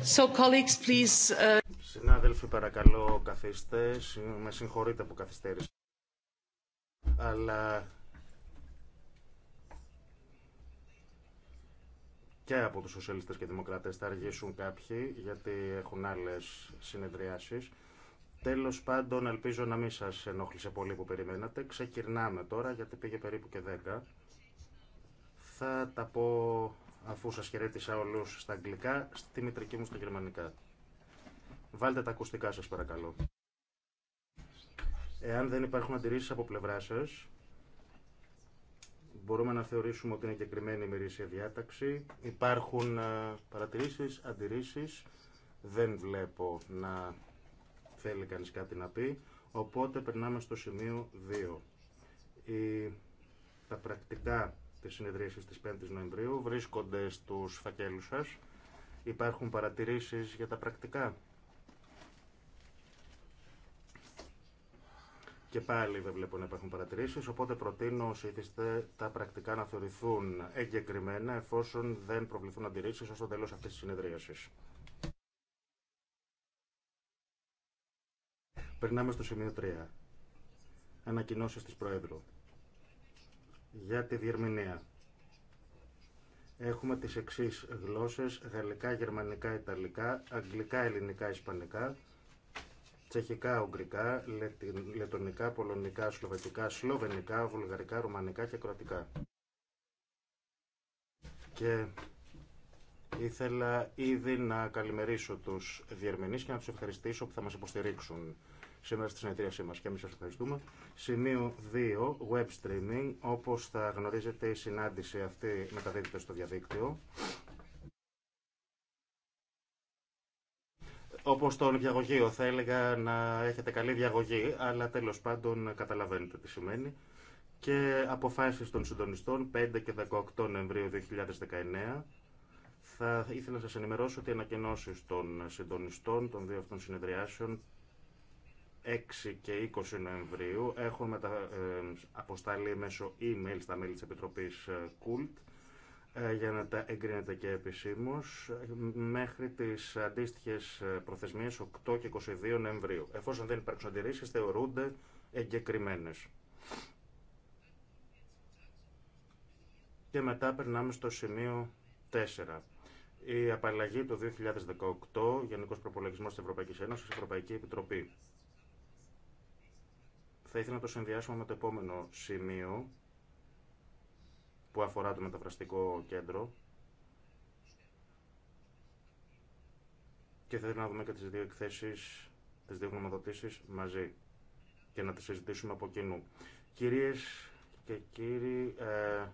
Uh, Συνάδελφοι, παρακαλώ, καθίστε. Με συγχωρείτε που καθυστέρησα. Αλλά και από τους σοσιαλιστές και δημοκράτες θα αργήσουν κάποιοι, γιατί έχουν άλλες συνεδριάσεις. Τέλος πάντων, ελπίζω να μην σας ενόχλησε πολύ που περιμένατε. Ξεκινάμε τώρα, γιατί πήγε περίπου και 10. Θα τα πω αφού σας χαιρέτησα όλους στα αγγλικά, στη μητρική μου στα γερμανικά. Βάλτε τα ακουστικά σας παρακαλώ. Εάν δεν υπάρχουν αντιρρήσεις από πλευρά σας, μπορούμε να θεωρήσουμε ότι είναι εγκεκριμένη η μερίσια διάταξη. Υπάρχουν ε, παρατηρήσεις, αντιρρήσεις. Δεν βλέπω να θέλει κανείς κάτι να πει. Οπότε περνάμε στο σημείο 2. Η... Τα πρακτικά της συνεδρίασης τη 5 η Νοεμβρίου βρίσκονται στους φακέλους σα. Υπάρχουν παρατηρήσεις για τα πρακτικά. Και πάλι δεν βλέπω να υπάρχουν παρατηρήσεις, οπότε προτείνω ότι ήθιστε τα πρακτικά να θεωρηθούν εγκεκριμένα εφόσον δεν προβληθούν αντιρρήσει ω το τέλος αυτή της συνεδρίασης. Περνάμε στο σημείο 3. Ανακοινώσει τη Προέδρου για τη διερμηνία. Έχουμε τις εξής γλώσσες, γαλλικά, γερμανικά, ιταλικά, αγγλικά, ελληνικά, ισπανικά, τσεχικά, ουγγρικά, Λετωνικά, πολωνικά, σλοβακικά, σλοβενικά, βουλγαρικά, ρουμανικά και κροατικά. Και ήθελα ήδη να καλημερίσω τους διερμηνείς και να τους ευχαριστήσω που θα μας υποστηρίξουν σήμερα στη συνεδρίασή μα. Και εμεί σα ευχαριστούμε. Σημείο 2, web streaming. Όπω θα γνωρίζετε, η συνάντηση αυτή μεταδίδεται στο διαδίκτυο. Όπω τον διαγωγείο, θα έλεγα να έχετε καλή διαγωγή, αλλά τέλο πάντων καταλαβαίνετε τι σημαίνει. Και αποφάσει των συντονιστών 5 και 18 Νοεμβρίου 2019. Θα ήθελα να σας ενημερώσω ότι οι ανακοινώσει των συντονιστών των δύο αυτών συνεδριάσεων 6 και 20 Νοεμβρίου έχουν μετα... Ε, αποσταλεί μέσω email στα μέλη της Επιτροπής ε, Κουλτ ε, για να τα εγκρίνεται και επισήμω μέχρι τις αντίστοιχες προθεσμίες 8 και 22 Νοεμβρίου. Εφόσον δεν υπάρξουν αντιρρήσεις θεωρούνται εγκεκριμένες. Και μετά περνάμε στο σημείο 4. Η απαλλαγή του 2018, Γενικός Προπολογισμός της Ευρωπαϊκής Ένωσης, Ευρωπαϊκή Επιτροπή θα ήθελα να το συνδυάσουμε με το επόμενο σημείο που αφορά το μεταφραστικό κέντρο και θα ήθελα να δούμε και τις δύο εκθέσεις, τις δύο γνωμοδοτήσεις μαζί και να τις συζητήσουμε από κοινού. Κυρίες και κύριοι, ε,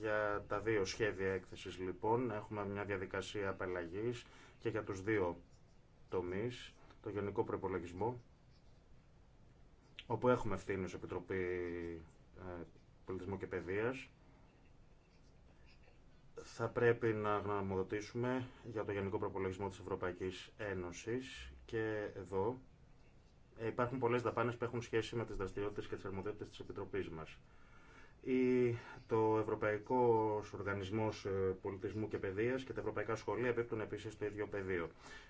για τα δύο σχέδια έκθεσης λοιπόν έχουμε μια διαδικασία απαλλαγής και για τους δύο τομείς, το γενικό προπολογισμό όπου έχουμε ευθύνη ως Επιτροπή ε, Πολιτισμού και Παιδείας, θα πρέπει να γνωμοδοτήσουμε για το Γενικό Προπολογισμό της Ευρωπαϊκής Ένωσης και εδώ ε, υπάρχουν πολλές δαπάνες που έχουν σχέση με τις δραστηριότητες και τις αρμοδιότητες της Επιτροπής μας ή το Ευρωπαϊκό Οργανισμό ε, Πολιτισμού και Παιδεία και τα Ευρωπαϊκά Σχολεία επίπτουν επίση στο ίδιο πεδίο.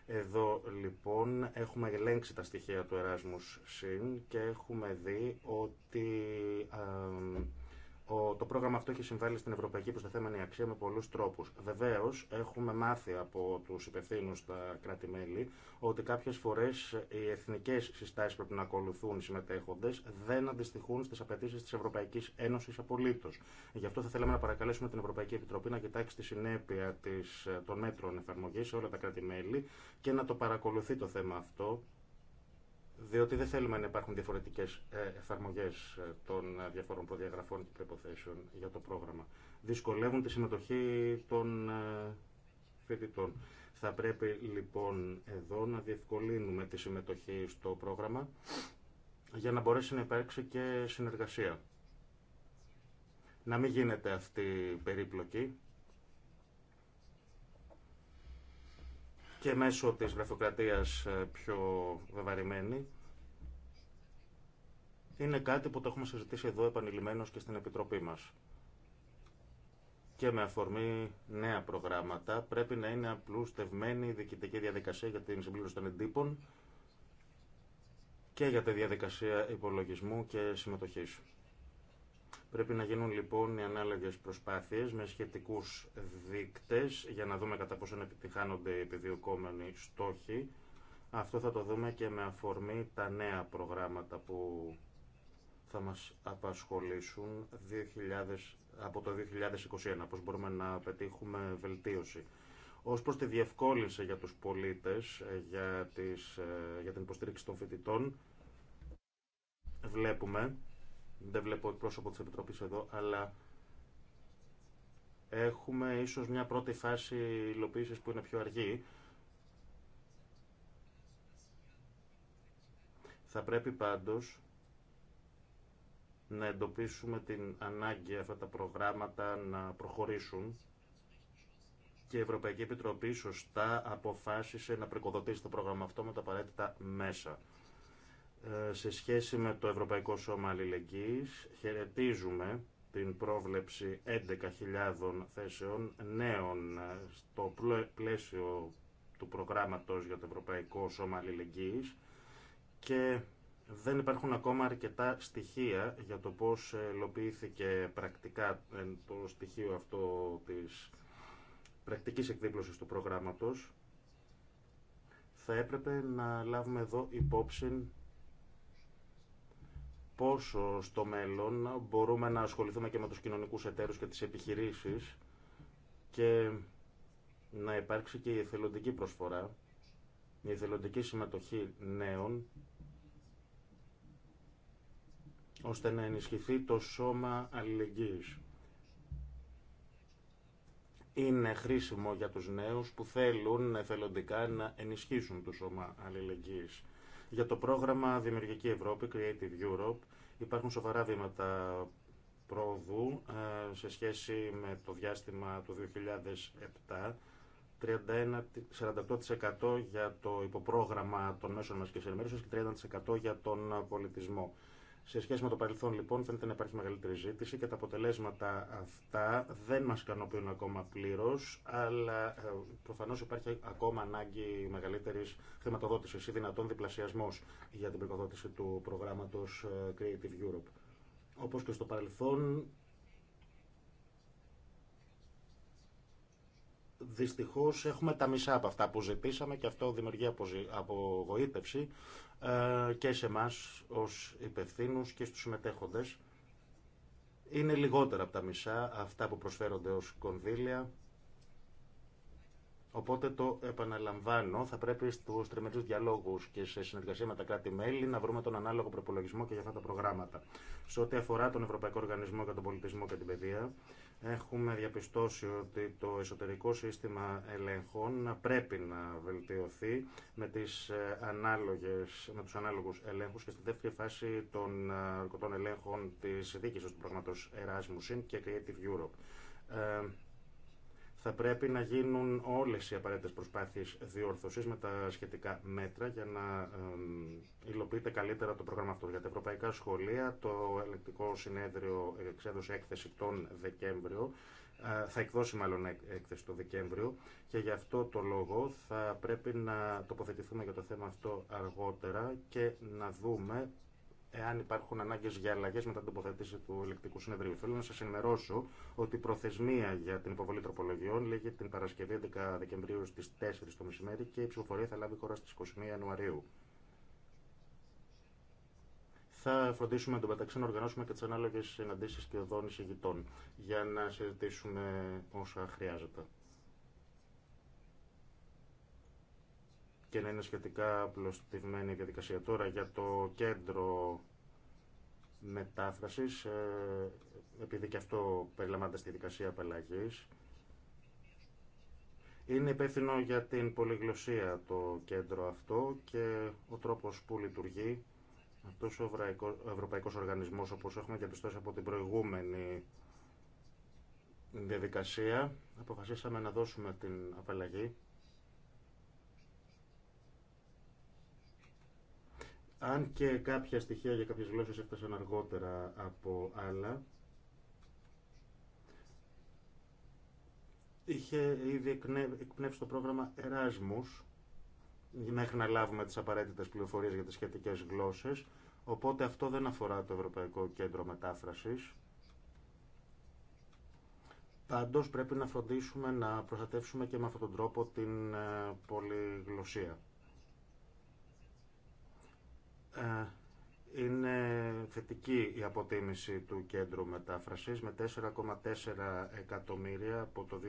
Εδώ λοιπόν έχουμε ελέγξει τα στοιχεία του Erasmus Συν και έχουμε δει ότι ε, το πρόγραμμα αυτό έχει συμβάλει στην ευρωπαϊκή προσταθέμενη αξία με πολλού τρόπου. Βεβαίω, έχουμε μάθει από του υπευθύνου στα κράτη-μέλη ότι κάποιε φορέ οι εθνικέ συστάσει που πρέπει να ακολουθούν οι συμμετέχοντε δεν αντιστοιχούν στι απαιτήσει τη Ευρωπαϊκή Ένωση απολύτω. Γι' αυτό θα θέλαμε να παρακαλέσουμε την Ευρωπαϊκή Επιτροπή να κοιτάξει τη συνέπεια των μέτρων εφαρμογή σε όλα τα κράτη-μέλη και να το παρακολουθεί το θέμα αυτό διότι δεν θέλουμε να υπάρχουν διαφορετικέ ε, εφαρμογέ ε, των ε, διαφόρων προδιαγραφών και προποθέσεων για το πρόγραμμα. Δυσκολεύουν τη συμμετοχή των φοιτητών. Θα πρέπει λοιπόν εδώ να διευκολύνουμε τη συμμετοχή στο πρόγραμμα για να μπορέσει να υπάρξει και συνεργασία. Να μην γίνεται αυτή η περίπλοκη και μέσω της γραφειοκρατίας ε, πιο βεβαρημένη. Είναι κάτι που το έχουμε συζητήσει εδώ επανειλημμένως και στην Επιτροπή μας. Και με αφορμή νέα προγράμματα πρέπει να είναι απλούστευμένη η διοικητική διαδικασία για την συμπλήρωση των εντύπων και για τη διαδικασία υπολογισμού και συμμετοχής. Πρέπει να γίνουν λοιπόν οι ανάλογες προσπάθειες με σχετικούς δείκτες για να δούμε κατά πόσο επιτυχάνονται οι επιδιωκόμενοι στόχοι. Αυτό θα το δούμε και με αφορμή τα νέα προγράμματα που θα μας απασχολήσουν 2000, από το 2021, πώς μπορούμε να πετύχουμε βελτίωση. Ως προς τη διευκόλυνση για τους πολίτες, ε, για, τις, ε, για την υποστήριξη των φοιτητών, βλέπουμε δεν βλέπω εκπρόσωπο της Επιτροπής εδώ, αλλά έχουμε ίσως μια πρώτη φάση υλοποίησης που είναι πιο αργή. Θα πρέπει πάντως να εντοπίσουμε την ανάγκη αυτά τα προγράμματα να προχωρήσουν και η Ευρωπαϊκή Επιτροπή σωστά αποφάσισε να πρικοδοτήσει το πρόγραμμα αυτό με τα απαραίτητα μέσα. Ε, σε σχέση με το Ευρωπαϊκό Σώμα Αλληλεγγύης χαιρετίζουμε την πρόβλεψη 11.000 θέσεων νέων ε, στο πλαίσιο του προγράμματος για το Ευρωπαϊκό Σώμα Αλληλεγγύης και δεν υπάρχουν ακόμα αρκετά στοιχεία για το πώς ελοποιήθηκε πρακτικά ε, το στοιχείο αυτό της πρακτικής εκδίπλωσης του προγράμματος. Θα έπρεπε να λάβουμε εδώ υπόψη πόσο στο μέλλον μπορούμε να ασχοληθούμε και με τους κοινωνικούς εταίρους και τις επιχειρήσεις και να υπάρξει και η εθελοντική προσφορά, η εθελοντική συμμετοχή νέων, ώστε να ενισχυθεί το σώμα αλληλεγγύης. Είναι χρήσιμο για τους νέους που θέλουν εθελοντικά να ενισχύσουν το σώμα αλληλεγγύης. Για το πρόγραμμα Δημιουργική Ευρώπη, Creative Europe, υπάρχουν σοβαρά βήματα πρόοδου ε, σε σχέση με το διάστημα του 2007 31, 48% για το υποπρόγραμμα των μέσων και ενημέρωσης και 30% για τον πολιτισμό. Σε σχέση με το παρελθόν, λοιπόν, φαίνεται να υπάρχει μεγαλύτερη ζήτηση και τα αποτελέσματα αυτά δεν μα ικανοποιούν ακόμα πλήρω, αλλά ε, προφανώ υπάρχει ακόμα ανάγκη μεγαλύτερη χρηματοδότηση ή δυνατόν διπλασιασμό για την πυροδότηση του προγράμματο ε, Creative Europe. Όπω και στο παρελθόν, δυστυχώς έχουμε τα μισά από αυτά που ζητήσαμε και αυτό δημιουργεί απογοήτευση ε, και σε εμά ως υπευθύνου και στους συμμετέχοντες. Είναι λιγότερα από τα μισά αυτά που προσφέρονται ως κονδύλια. Οπότε το επαναλαμβάνω, θα πρέπει στου τριμερού διαλόγου και σε συνεργασία με τα κράτη-μέλη να βρούμε τον ανάλογο προπολογισμό και για αυτά τα προγράμματα. Σε ό,τι αφορά τον Ευρωπαϊκό Οργανισμό για τον Πολιτισμό και την Παιδεία, Έχουμε διαπιστώσει ότι το εσωτερικό σύστημα ελέγχων πρέπει να βελτιωθεί με, τις ε, ανάλογες, με τους ανάλογους ελέγχους και στη δεύτερη φάση των ε, ελέγχων της δίκησης του προγράμματος Erasmus και Creative Europe. Ε, θα πρέπει να γίνουν όλες οι απαραίτητες προσπάθειες διόρθωσης με τα σχετικά μέτρα για να υλοποιείται καλύτερα το πρόγραμμα αυτό. Για τα ευρωπαϊκά σχολεία, το ελεκτικό συνέδριο εξέδωσε έκθεση τον Δεκέμβριο, ε, θα εκδώσει μάλλον έκθεση το Δεκέμβριο και γι' αυτό το λόγο θα πρέπει να τοποθετηθούμε για το θέμα αυτό αργότερα και να δούμε εάν υπάρχουν ανάγκε για αλλαγέ μετά την τοποθέτηση του ηλεκτρικού συνεδρίου. Θέλω να σα ενημερώσω ότι η προθεσμία για την υποβολή τροπολογιών λέγεται την Παρασκευή 11 Δεκεμβρίου στι 4 το μεσημέρι και η ψηφοφορία θα λάβει χώρα στι 21 Ιανουαρίου. Θα φροντίσουμε τον τω να οργανώσουμε και τι ανάλογε συναντήσει και οδών ηγητών για να συζητήσουμε όσα χρειάζεται. και να είναι σχετικά απλωστημένη η διαδικασία. Τώρα για το κέντρο μετάφρασης, ε, επειδή και αυτό περιλαμβάνεται στη δικασία απελάγης. είναι υπεύθυνο για την πολυγλωσία το κέντρο αυτό και ο τρόπος που λειτουργεί αυτός ο Ευρωπαϊκός Οργανισμός, όπως έχουμε διαπιστώσει από την προηγούμενη διαδικασία, αποφασίσαμε να δώσουμε την απαλλαγή Αν και κάποια στοιχεία για κάποιες γλώσσες έφτασαν αργότερα από άλλα, είχε ήδη εκπνεύσει το πρόγραμμα Εράσμους μέχρι να λάβουμε τις απαραίτητες πληροφορίες για τις σχετικές γλώσσες, οπότε αυτό δεν αφορά το Ευρωπαϊκό Κέντρο Μετάφρασης. Πάντως πρέπει να φροντίσουμε να προστατεύσουμε και με αυτόν τον τρόπο την ε, πολυγλωσία. Ε, είναι θετική η αποτίμηση του κέντρου μετάφρασης με 4,4 εκατομμύρια από το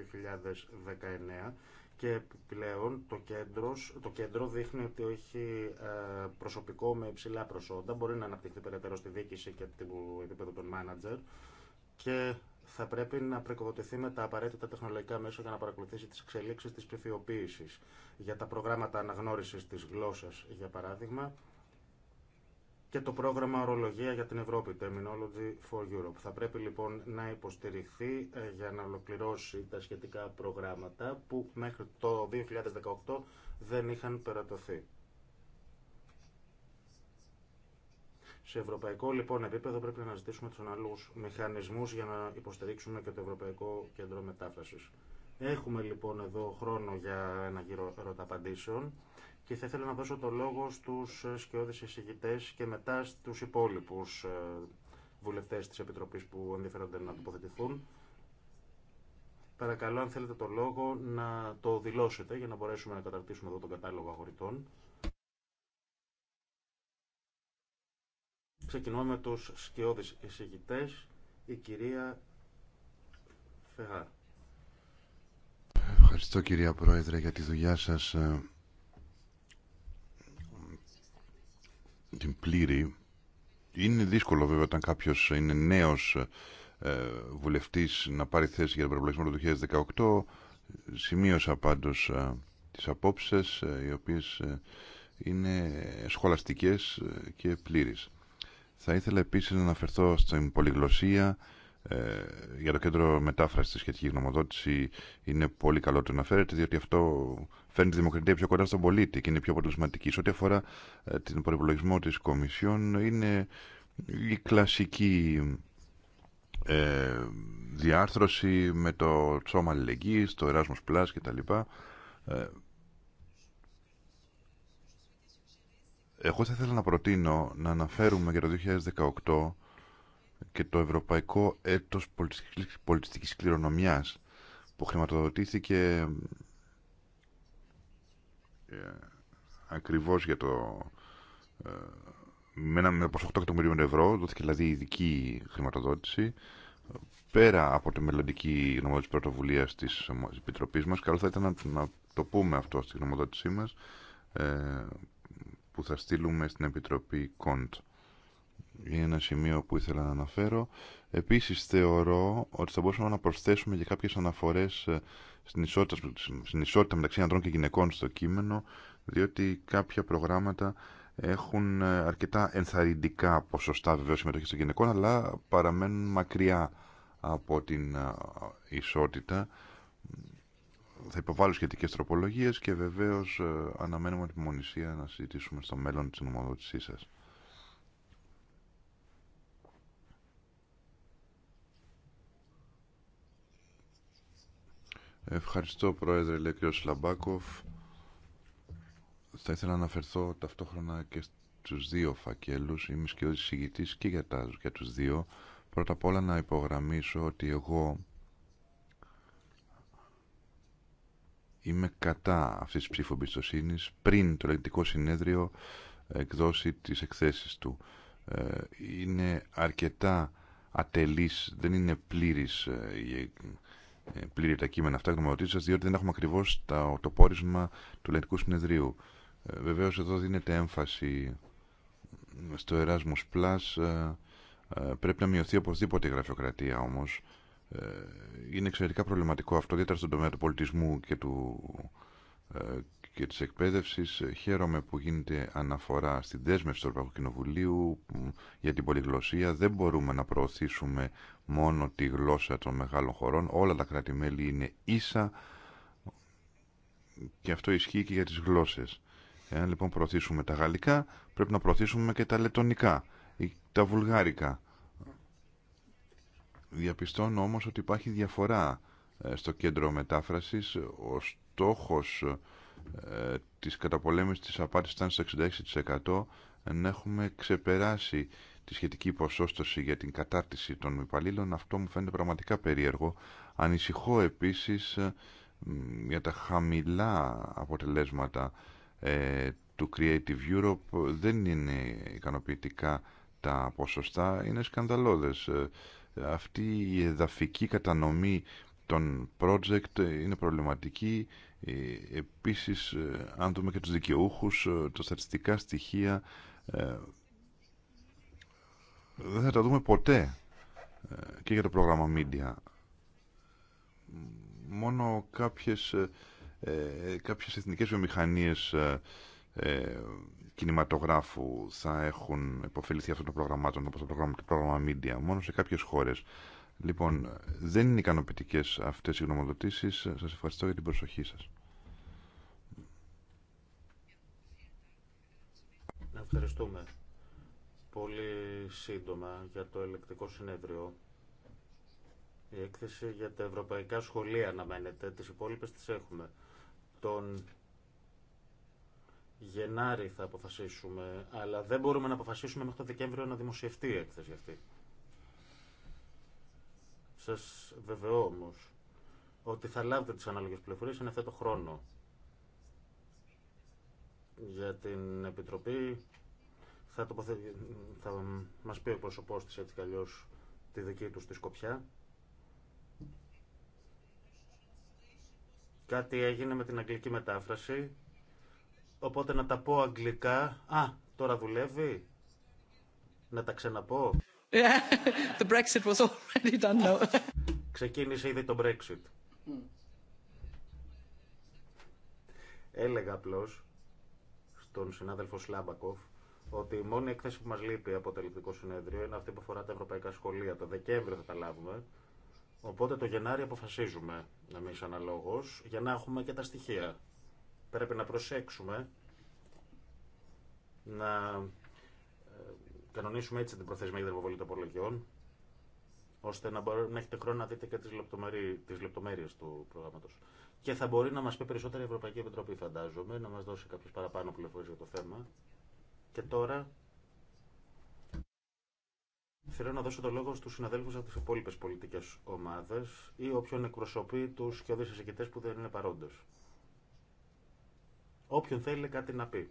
2019 και πλέον το κέντρο, το κέντρο δείχνει ότι έχει ε, προσωπικό με υψηλά προσόντα, μπορεί να αναπτυχθεί περαιτέρω στη διοίκηση και το επίπεδο των μάνατζερ και θα πρέπει να προκοδοτηθεί με τα απαραίτητα τεχνολογικά μέσα για να παρακολουθήσει τις εξελίξεις της ψηφιοποίησης για τα προγράμματα αναγνώρισης της γλώσσας, για παράδειγμα, και το πρόγραμμα Ορολογία για την Ευρώπη, Terminology for Europe. Θα πρέπει λοιπόν να υποστηριχθεί ε, για να ολοκληρώσει τα σχετικά προγράμματα που μέχρι το 2018 δεν είχαν περατωθεί. Σε ευρωπαϊκό λοιπόν επίπεδο πρέπει να αναζητήσουμε τους αναλογούς μηχανισμούς για να υποστηρίξουμε και το Ευρωπαϊκό Κέντρο Μετάφρασης. Έχουμε λοιπόν εδώ χρόνο για ένα γύρο ερωταπαντήσεων και θα ήθελα να δώσω το λόγο στους ε, σκιώδεις εισηγητές και μετά στους υπόλοιπους ε, βουλευτές της Επιτροπής που ενδιαφέρονται να τοποθετηθούν. Παρακαλώ, αν θέλετε το λόγο, να το δηλώσετε για να μπορέσουμε να καταρτήσουμε εδώ τον κατάλογο αγορητών. Ξεκινώ με τους σκιώδεις εισηγητές, η κυρία Φεγά. Ευχαριστώ κυρία Πρόεδρε για τη δουλειά σας ε, την πλήρη. Είναι δύσκολο βέβαια όταν κάποιο είναι νέος ε, βουλευτής να πάρει θέση για τον προπολογισμό του 2018. Σημείωσα πάντω ε, τις απόψεις ε, οι οποίες ε, είναι σχολαστικές ε, και πλήρεις. Θα ήθελα επίσης να αναφερθώ στην πολυγλωσία για το κέντρο μετάφραση τη σχετική γνωμοδότηση είναι πολύ καλό το φέρετε, διότι αυτό φέρνει τη δημοκρατία πιο κοντά στον πολίτη και είναι πιο αποτελεσματική. Σε ό,τι αφορά ε, την προπολογισμό τη Κομισιόν, είναι η κλασική ε, διάρθρωση με το τσόμα αλληλεγγύης, το Erasmus Plus κτλ. Ε, εγώ θα ήθελα να προτείνω να αναφέρουμε για το 2018 και το Ευρωπαϊκό Έτος Πολιτιστικής Κληρονομιάς που χρηματοδοτήθηκε ε, ακριβώς για το... Ε, με ένα ποσό 8 ευρώ, δόθηκε δηλαδή ειδική χρηματοδότηση, πέρα από τη μελλοντική γνωμοδότηση πρωτοβουλία τη Επιτροπή μα, καλό θα ήταν να, το πούμε αυτό στη γνωμοδότησή μα ε, που θα στείλουμε στην Επιτροπή Κοντ. Είναι ένα σημείο που ήθελα να αναφέρω. Επίσης θεωρώ ότι θα μπορούσαμε να προσθέσουμε και κάποιες αναφορές ε, στην ισότητα, στην ισότητα μεταξύ ανδρών και γυναικών στο κείμενο, διότι κάποια προγράμματα έχουν ε, αρκετά ενθαρρυντικά ποσοστά βεβαίω συμμετοχή των γυναικών, αλλά παραμένουν μακριά από την ε, ισότητα. Θα υποβάλω σχετικέ τροπολογίε και βεβαίω αναμένουμε την μονησία να συζητήσουμε στο μέλλον τη νομοδότησή σα. Ευχαριστώ Πρόεδρε, Λέκριος Λαμπάκοφ. Θα ήθελα να αναφερθώ ταυτόχρονα και στους δύο φακέλους. Είμαι σκιώδης συγητής και για, τα, για τους δύο. Πρώτα απ' όλα να υπογραμμίσω ότι εγώ είμαι κατά αυτής της ψήφου πριν το ελεγκτικό συνέδριο εκδώσει τις εκθέσεις του. Ε, είναι αρκετά ατελής, δεν είναι πλήρης ε, η ε, πλήρη τα κείμενα αυτά σα διότι δεν έχουμε ακριβώς το πόρισμα του Ελληνικού Συνεδρίου. Ε, Βεβαίω εδώ δίνεται έμφαση στο Erasmus Plus ε, πρέπει να μειωθεί οπωσδήποτε η γραφειοκρατία όμως είναι εξαιρετικά προβληματικό αυτό ιδιαίτερα στον τομέα του πολιτισμού και του και της εκπαίδευσης χαίρομαι που γίνεται αναφορά στην δέσμευση του Ευρωπαϊκού Κοινοβουλίου για την πολυγλωσία. Δεν μπορούμε να προωθήσουμε μόνο τη γλώσσα των μεγάλων χωρών. Όλα τα κράτη-μέλη είναι ίσα και αυτό ισχύει και για τις γλώσσες. Εάν λοιπόν προωθήσουμε τα γαλλικά πρέπει να προωθήσουμε και τα λετονικά, τα βουλγάρικα. Διαπιστώνω όμως ότι υπάρχει διαφορά ε, στο κέντρο μετάφρασης. Ο στόχος ε, της καταπολέμησης της απάτης ήταν στο 66% έχουμε ξεπεράσει τη σχετική ποσόστοση για την κατάρτιση των υπαλλήλων αυτό μου φαίνεται πραγματικά περίεργο ανησυχώ επίσης ε, για τα χαμηλά αποτελέσματα ε, του Creative Europe δεν είναι ικανοποιητικά τα ποσοστά είναι σκανδαλώδες αυτή η εδαφική κατανομή τον project ε, είναι προβληματική. Ε, επίσης, ε, αν δούμε και τους δικαιούχους, τα στατιστικά στοιχεία δεν θα τα δούμε ποτέ και για το πρόγραμμα Media. Μόνο κάποιες, κάποιες εθνικές βιομηχανίες κινηματογράφου θα έχουν υποφεληθεί αυτών των προγραμμάτων όπως το πρόγραμμα, το πρόγραμμα Media. Μόνο σε κάποιες χώρες Λοιπόν, δεν είναι ικανοποιητικέ αυτές οι γνωμοδοτήσεις. Σας ευχαριστώ για την προσοχή σας. Ευχαριστούμε. Πολύ σύντομα για το ελεκτικό συνέδριο. Η έκθεση για τα ευρωπαϊκά σχολεία αναμένεται. Τις υπόλοιπες τις έχουμε. Τον Γενάρη θα αποφασίσουμε, αλλά δεν μπορούμε να αποφασίσουμε μέχρι το Δεκέμβριο να δημοσιευτεί η έκθεση αυτή. Σας βεβαιώ όμως ότι θα λάβετε τις ανάλογες πληροφορίες αυτό το χρόνο για την Επιτροπή θα, τοποθε... θα μας πει ο πρόσωπός της έτσι κι τη δική του στη Σκοπιά. Κάτι έγινε με την αγγλική μετάφραση, οπότε να τα πω αγγλικά. Α, τώρα δουλεύει. Να τα ξαναπώ. Ξεκίνησε ήδη το Brexit. Έλεγα απλώ στον συνάδελφο Σλάμπακοφ ότι η μόνη εκθέση που μα λείπει από το ελληνικό συνέδριο είναι αυτή που αφορά τα ευρωπαϊκά σχολεία. Το Δεκέμβριο θα τα λάβουμε. Οπότε το Γενάρη αποφασίζουμε να μην αναλόγω για να έχουμε και τα στοιχεία. Πρέπει να προσέξουμε να κανονίσουμε έτσι την προθεσμία για την υποβολή των απολογιών, ώστε να, μπορεί, έχετε χρόνο να δείτε και τις, λεπτομέρειε λεπτομέρειες του προγράμματος. Και θα μπορεί να μας πει περισσότερα η Ευρωπαϊκή Επιτροπή, φαντάζομαι, να μας δώσει κάποιες παραπάνω πληροφορίες για το θέμα. Και τώρα Θέλω να δώσω το λόγο στους συναδέλφους από τις υπόλοιπες πολιτικές ομάδες ή όποιον εκπροσωπεί τους και εισηγητές που δεν είναι παρόντες. Όποιον θέλει κάτι να πει.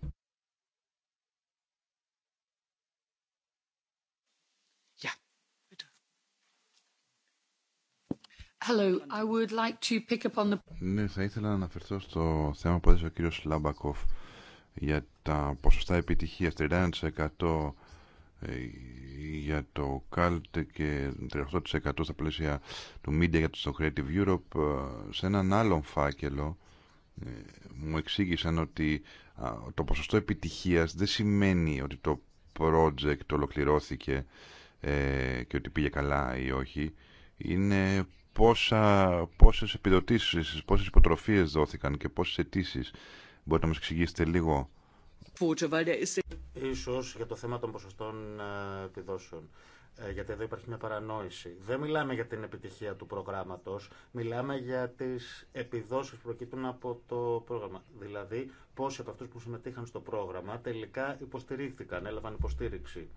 Hello. I would like to pick up on the... Ναι, θα ήθελα να αναφερθώ στο θέμα που έδωσε ο κύριος Λάμπακοφ για τα ποσοστά επιτυχίας 31% ε, για το CALT και 38% στα πλαίσια του Media για το Creative Europe ε, σε έναν άλλον φάκελο ε, μου εξήγησαν ότι το ποσοστό επιτυχίας δεν σημαίνει ότι το project ολοκληρώθηκε και ότι πήγε καλά ή όχι είναι πόσα, πόσες επιδοτήσεις, πόσες υποτροφίες δόθηκαν και πόσες αιτήσει. Μπορείτε να μας εξηγήσετε λίγο. Ίσως για το θέμα των ποσοστών ε, επιδόσεων. Ε, γιατί εδώ υπάρχει μια παρανόηση. Δεν μιλάμε για την επιτυχία του προγράμματος, μιλάμε για τις επιδόσεις που προκύπτουν από το πρόγραμμα. Δηλαδή, πόσοι από αυτού που συμμετείχαν στο πρόγραμμα τελικά υποστηρίχθηκαν, έλαβαν υποστήριξη.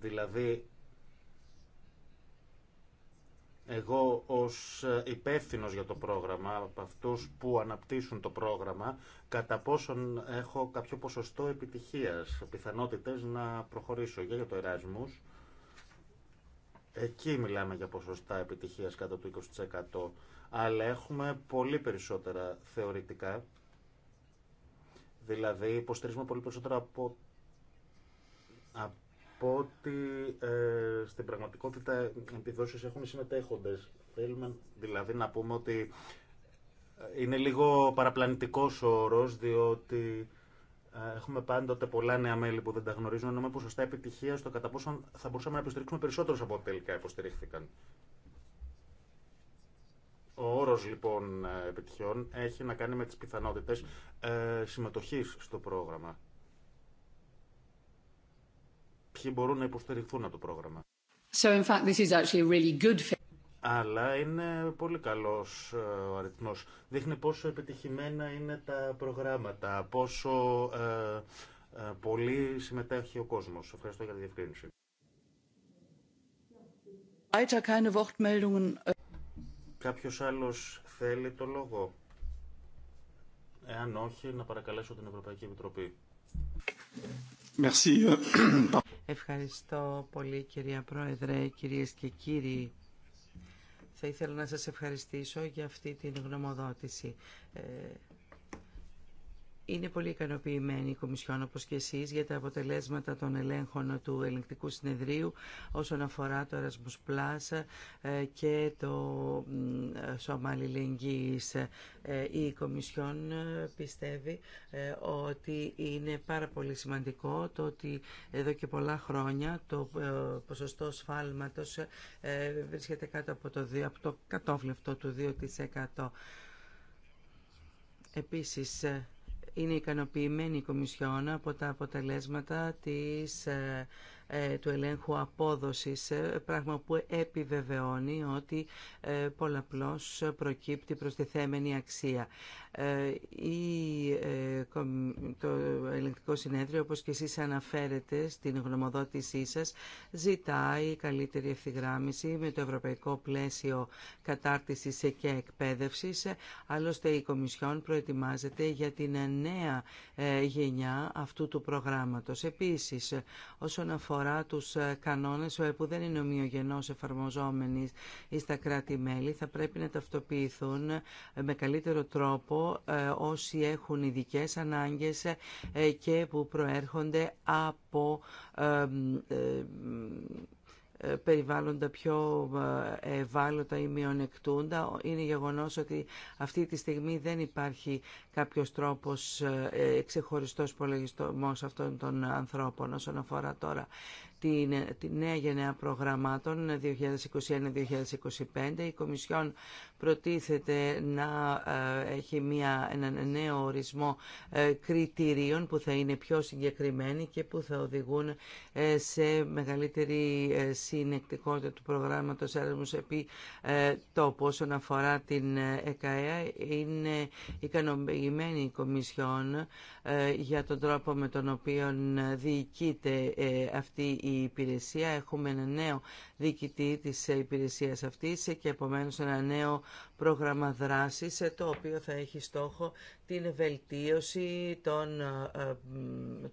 Δηλαδή, εγώ ως ε, υπεύθυνος για το πρόγραμμα, από αυτούς που αναπτύσσουν το πρόγραμμα, κατά πόσον έχω κάποιο ποσοστό επιτυχίας, πιθανότητες να προχωρήσω για το Εράσμους. Εκεί μιλάμε για ποσοστά επιτυχίας κάτω του 20%, αλλά έχουμε πολύ περισσότερα θεωρητικά, δηλαδή υποστηρίζουμε πολύ περισσότερα από πω ότι ε, στην πραγματικότητα επιδόσεις έχουν οι συμμετέχοντες. Θέλουμε δηλαδή να πούμε ότι ε, είναι λίγο παραπλανητικός ο όρος, διότι ε, έχουμε πάντοτε πολλά νέα μέλη που δεν τα γνωρίζουν, ενώ με ποσοστά επιτυχία στο κατά πόσο θα μπορούσαμε να υποστηρίξουμε περισσότερους από ό,τι τελικά υποστηρίχθηκαν. Ο όρος λοιπόν ε, επιτυχιών έχει να κάνει με τις πιθανότητες ε, συμμετοχής στο πρόγραμμα ποιοι μπορούν να υποστηριχθούν από το πρόγραμμα. So in fact, this is actually a really good... Αλλά είναι πολύ καλός ε, ο αριθμός. Δείχνει πόσο επιτυχημένα είναι τα προγράμματα, πόσο ε, ε, πολύ συμμετέχει ο κόσμος. Ευχαριστώ για τη διευκρίνηση. Κάποιος άλλος θέλει το λόγο. Εάν όχι, να παρακαλέσω την Ευρωπαϊκή Επιτροπή. Euh, Ευχαριστώ πολύ κυρία Πρόεδρε, κυρίες και κύριοι. Θα ήθελα να σας ευχαριστήσω για αυτή την γνωμοδότηση. Ε, είναι πολύ ικανοποιημένη η Κομισιόν, όπως και εσείς, για τα αποτελέσματα των ελέγχων του ελεγκτικού συνεδρίου όσον αφορά το Erasmus Plus ε, και το ε, Σώμα Αλληλεγγύης. Ε, η Κομισιόν πιστεύει ότι είναι πάρα πολύ σημαντικό το ότι εδώ και πολλά χρόνια το ποσοστό σφάλματος βρίσκεται κάτω από το, από το κατόφλευτο του 2%. Επίσης, είναι ικανοποιημένη η Κομισιόν από τα αποτελέσματα της ε, ε, του ελέγχου απόδοσης, ε, πράγμα που επιβεβαιώνει ότι ε, πολλαπλώς προκύπτει προστιθέμενη αξία. Το ελεγκτικό συνέδριο, όπως και εσείς αναφέρετε στην γνωμοδότησή σας, ζητάει καλύτερη ευθυγράμμιση με το ευρωπαϊκό πλαίσιο κατάρτισης και εκπαίδευσης. Άλλωστε, η Κομισιόν προετοιμάζεται για την νέα γενιά αυτού του προγράμματος. Επίσης, όσον αφορά αφορά τους ε, κανόνες ε, που δεν είναι ομοιογενώς εφαρμοζόμενοι στα κράτη-μέλη θα πρέπει να ταυτοποιηθούν ε, με καλύτερο τρόπο όσοι έχουν ειδικέ ανάγκες και που προέρχονται από ε, περιβάλλοντα πιο ε, ευάλωτα ή μειονεκτούντα. Είναι γεγονός ότι αυτή τη στιγμή δεν υπάρχει κάποιος τρόπος ε, ξεχωριστός υπολογισμός αυτών των ανθρώπων όσον αφορά τώρα την, τη νεα γενναια γενεά προγραμμάτων 2021-2025. Η Κομισιόν προτίθεται να ε, έχει μια, έναν νέο ορισμό ε, κριτηρίων που θα είναι πιο συγκεκριμένοι και που θα οδηγούν ε, σε μεγαλύτερη συνεκτικότητα του προγράμματος έρευνους επί τόπου όσον αφορά την ΕΚΑΕΑ. Είναι ικανοποιημένη η Κομισιόν για τον τρόπο με τον οποίο διοικείται αυτή η υπηρεσία. Έχουμε ένα νέο διοικητή της υπηρεσίας αυτής και επομένως ένα νέο πρόγραμμα δράσης το οποίο θα έχει στόχο την βελτίωση των, ε,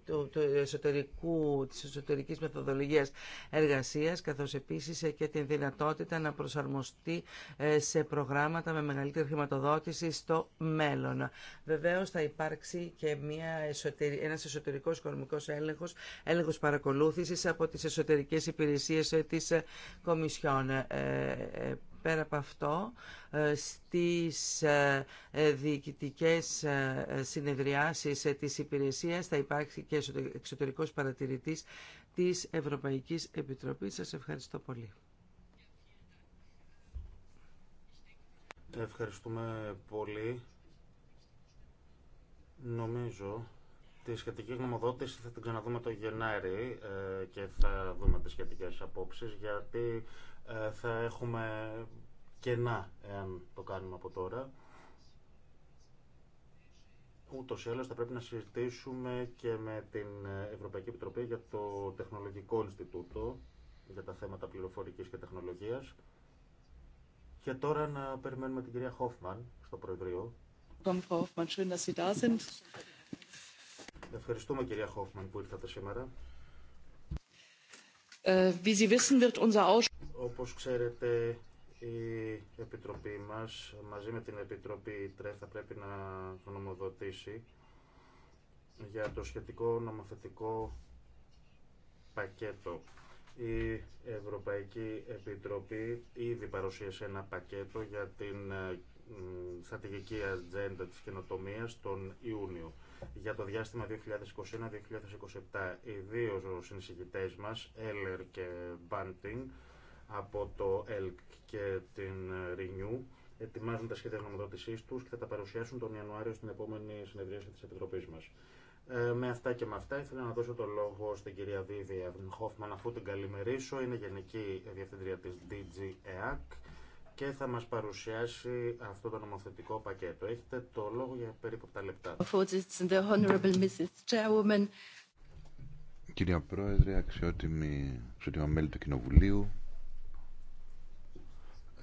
του, του εσωτερικού, της εσωτερικής μεθοδολογίας εργασίας καθώς επίσης και την δυνατότητα να προσαρμοστεί ε, σε προγράμματα με μεγαλύτερη χρηματοδότηση στο μέλλον. Βεβαίως θα υπάρξει και μια εσωτερι... ένας εσωτερικός οικονομικός έλεγχος, έλεγχος παρακολούθησης από τις εσωτερικές υπηρεσίες ε, της Κομισιόν. Ε, ε, πέρα από αυτό, ε, στις διοικητικές συνεδριάσεις της υπηρεσίας θα υπάρξει και εξωτερικός παρατηρητής της Ευρωπαϊκής Επιτροπής. Σας ευχαριστώ πολύ. Ευχαριστούμε πολύ. Νομίζω Τη σχετική γνωμοδότηση θα την ξαναδούμε το Γενάρη ε, και θα δούμε τις σχετικές απόψεις γιατί ε, θα έχουμε κενά εάν το κάνουμε από τώρα. Ούτως ή άλλως θα πρέπει να συζητήσουμε και με την Ευρωπαϊκή Επιτροπή για το Τεχνολογικό Ινστιτούτο για τα θέματα πληροφορικής και τεχνολογίας. Και τώρα να περιμένουμε την κυρία Χόφμαν στο Προεδρείο. Frau schön, dass Sie da sind. Ευχαριστούμε κυρία Χόφμαν που ήρθατε σήμερα. Ε, Όπως ξέρετε, η Επιτροπή μας, μαζί με την Επιτροπή ΤΡΕ, θα πρέπει να γνωμοδοτήσει για το σχετικό νομοθετικό πακέτο. Η Ευρωπαϊκή Επιτροπή ήδη παρουσίασε ένα πακέτο για την ε, στρατηγική ατζέντα της καινοτομίας τον Ιούνιο για το διάστημα 2021-2027. Οι δύο συνεισηγητές μας, Έλερ και Μπάντινγκ, από το ΕΛΚ και την ΡΙΝΙΟΥ, ετοιμάζουν τα σχέδια γνωμοδότησή του και θα τα παρουσιάσουν τον Ιανουάριο στην επόμενη συνεδρίαση τη Επιτροπή μα. Ε, με αυτά και με αυτά, ήθελα να δώσω το λόγο στην κυρία Βίβια Χόφμαν, αφού την καλημερίσω. Είναι Γενική Διευθύντρια τη DG ΕΑΚ e και θα μας παρουσιάσει αυτό το νομοθετικό πακέτο. Έχετε το λόγο για περίπου τα λεπτά. Κυρία Πρόεδρε, αξιότιμη, αξιότιμα μέλη του Κοινοβουλίου,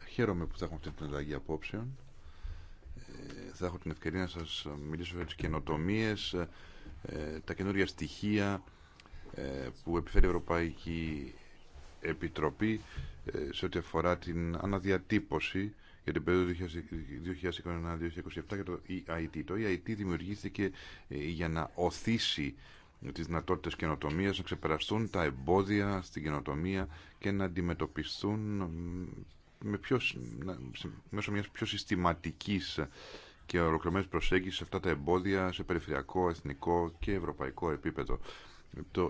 χαίρομαι που θα έχουμε αυτή την αλλαγή απόψεων. Ε, θα έχω την ευκαιρία να σας μιλήσω για τις καινοτομίες, ε, τα καινούργια στοιχεία ε, που επιφέρει η Ευρωπαϊκή Επιτροπή ε, σε ό,τι αφορά την αναδιατύπωση για την περίοδο 2021-2027 για το EIT. Το EIT δημιουργήθηκε ε, για να οθήσει τις δυνατότητες καινοτομίας, να ξεπεραστούν τα εμπόδια στην καινοτομία και να αντιμετωπιστούν με πιο, μέσω μιας πιο συστηματικής και ολοκληρωμένης προσέγγισης σε αυτά τα εμπόδια σε περιφερειακό, εθνικό και ευρωπαϊκό επίπεδο. Το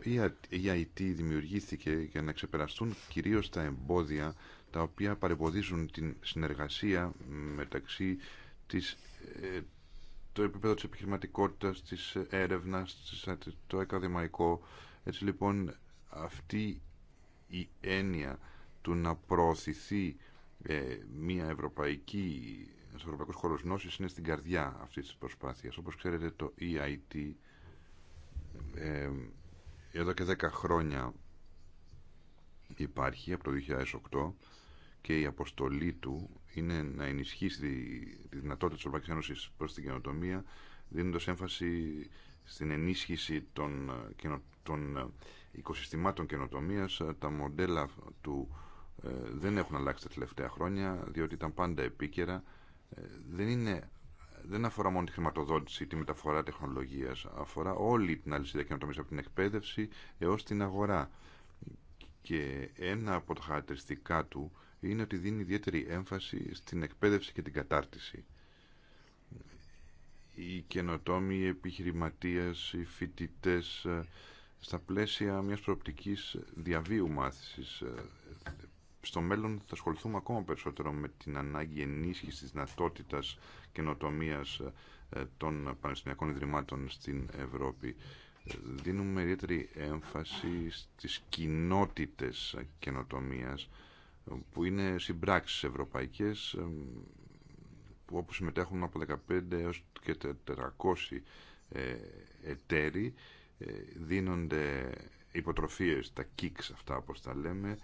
EIT δημιουργήθηκε για να ξεπεραστούν κυρίως τα εμπόδια τα οποία παρεμποδίζουν την συνεργασία μεταξύ της, ε, το επίπεδο της επιχειρηματικότητας, της έρευνας, ε, το ακαδημαϊκό. Έτσι λοιπόν αυτή η έννοια του να προωθηθεί ε, μια ευρωπαϊκή ένας ευρωπαϊκός χώρος γνώσης είναι στην καρδιά αυτής της προσπάθειας. Όπως ξέρετε το EIT εδώ και 10 χρόνια υπάρχει από το 2008 και η αποστολή του είναι να ενισχύσει τη δυνατότητα της Ευρωπαϊκής Ένωσης προς την καινοτομία δίνοντας έμφαση στην ενίσχυση των, των ε, οικοσυστημάτων καινοτομίας τα μοντέλα του ε, δεν έχουν αλλάξει τα τελευταία χρόνια διότι ήταν πάντα επίκαιρα ε, δεν είναι δεν αφορά μόνο τη χρηματοδότηση, τη μεταφορά τεχνολογία. Αφορά όλη την αλυσίδα καινοτομία από την εκπαίδευση έω την αγορά. Και ένα από τα χαρακτηριστικά του είναι ότι δίνει ιδιαίτερη έμφαση στην εκπαίδευση και την κατάρτιση. Οι καινοτόμοι, επιχειρηματίε, οι φοιτητέ, ε, στα πλαίσια μιας προοπτική διαβίου μάθηση. Ε, στο μέλλον θα ασχοληθούμε ακόμα περισσότερο με την ανάγκη ενίσχυση τη δυνατότητα καινοτομία ε, των πανεπιστημιακών ιδρυμάτων στην Ευρώπη. Δίνουμε ιδιαίτερη έμφαση στις κοινότητε καινοτομία που είναι συμπράξει ευρωπαϊκές ε, που όπου συμμετέχουν από 15 έως και 400 ε, εταίροι δίνονται υποτροφίες, τα kicks αυτά όπως τα λέμε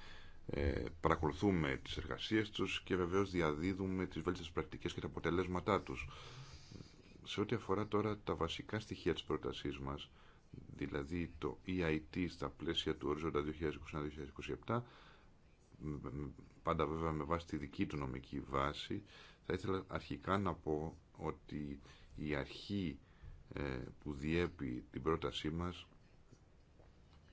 ε, παρακολουθούμε τις εργασίες τους και βεβαίως διαδίδουμε τις βέλτιστες πρακτικές και τα αποτελέσματά τους. Σε ό,τι αφορά τώρα τα βασικά στοιχεία της πρότασής μας, δηλαδή το EIT στα πλαίσια του οριζόντα 2021-2027, πάντα βέβαια με βάση τη δική του νομική βάση, θα ήθελα αρχικά να πω ότι η αρχή ε, που διέπει την πρότασή μας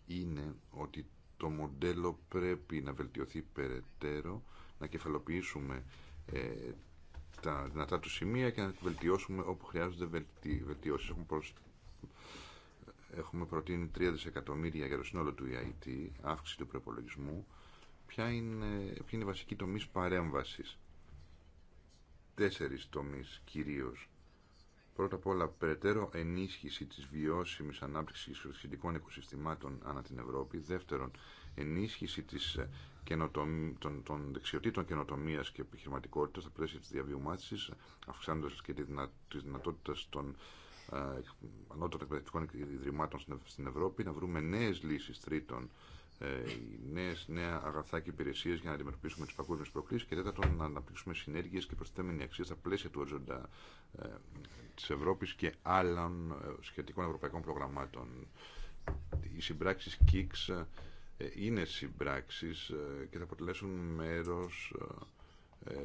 είναι ότι το μοντέλο πρέπει να βελτιωθεί περαιτέρω, να κεφαλοποιήσουμε ε, τα δυνατά του σημεία και να βελτιώσουμε όπου χρειάζονται βελτι... βελτιώσεις. Έχουμε, προσ... Έχουμε προτείνει 3 δισεκατομμύρια για το σύνολο του EIT, ε αύξηση του προπολογισμού. Ποια είναι, ποια είναι η βασική τομή παρέμβαση. Τέσσερι τομεί κυρίω. Πρώτα απ' όλα, περαιτέρω ενίσχυση της βιώσιμης ανάπτυξης σχετικών οικοσυστημάτων ανά την Ευρώπη. Δεύτερον, ενίσχυση της ε, των, των δεξιοτήτων καινοτομία και επιχειρηματικότητα στα πλαίσια τη διαβιωμάτιση, αυξάνοντα και τη δυνα... δυνατότητα των ε, ανώτατων εκπαιδευτικών ιδρυμάτων στην Ευρώπη να βρούμε νέε λύσει τρίτων ε, νέες, νέα αγαθά και υπηρεσίε για να αντιμετωπίσουμε τι παγκόσμιε προκλήσει και τέταρτον να αναπτύξουμε συνέργειε και προσθέμενη αξία στα πλαίσια του ορίζοντα ε, τη Ευρώπη και άλλων ε, σχετικών ευρωπαϊκών προγραμμάτων. Οι συμπράξει ΚΙΚΣ ε, είναι συμπράξει και θα αποτελέσουν μέρο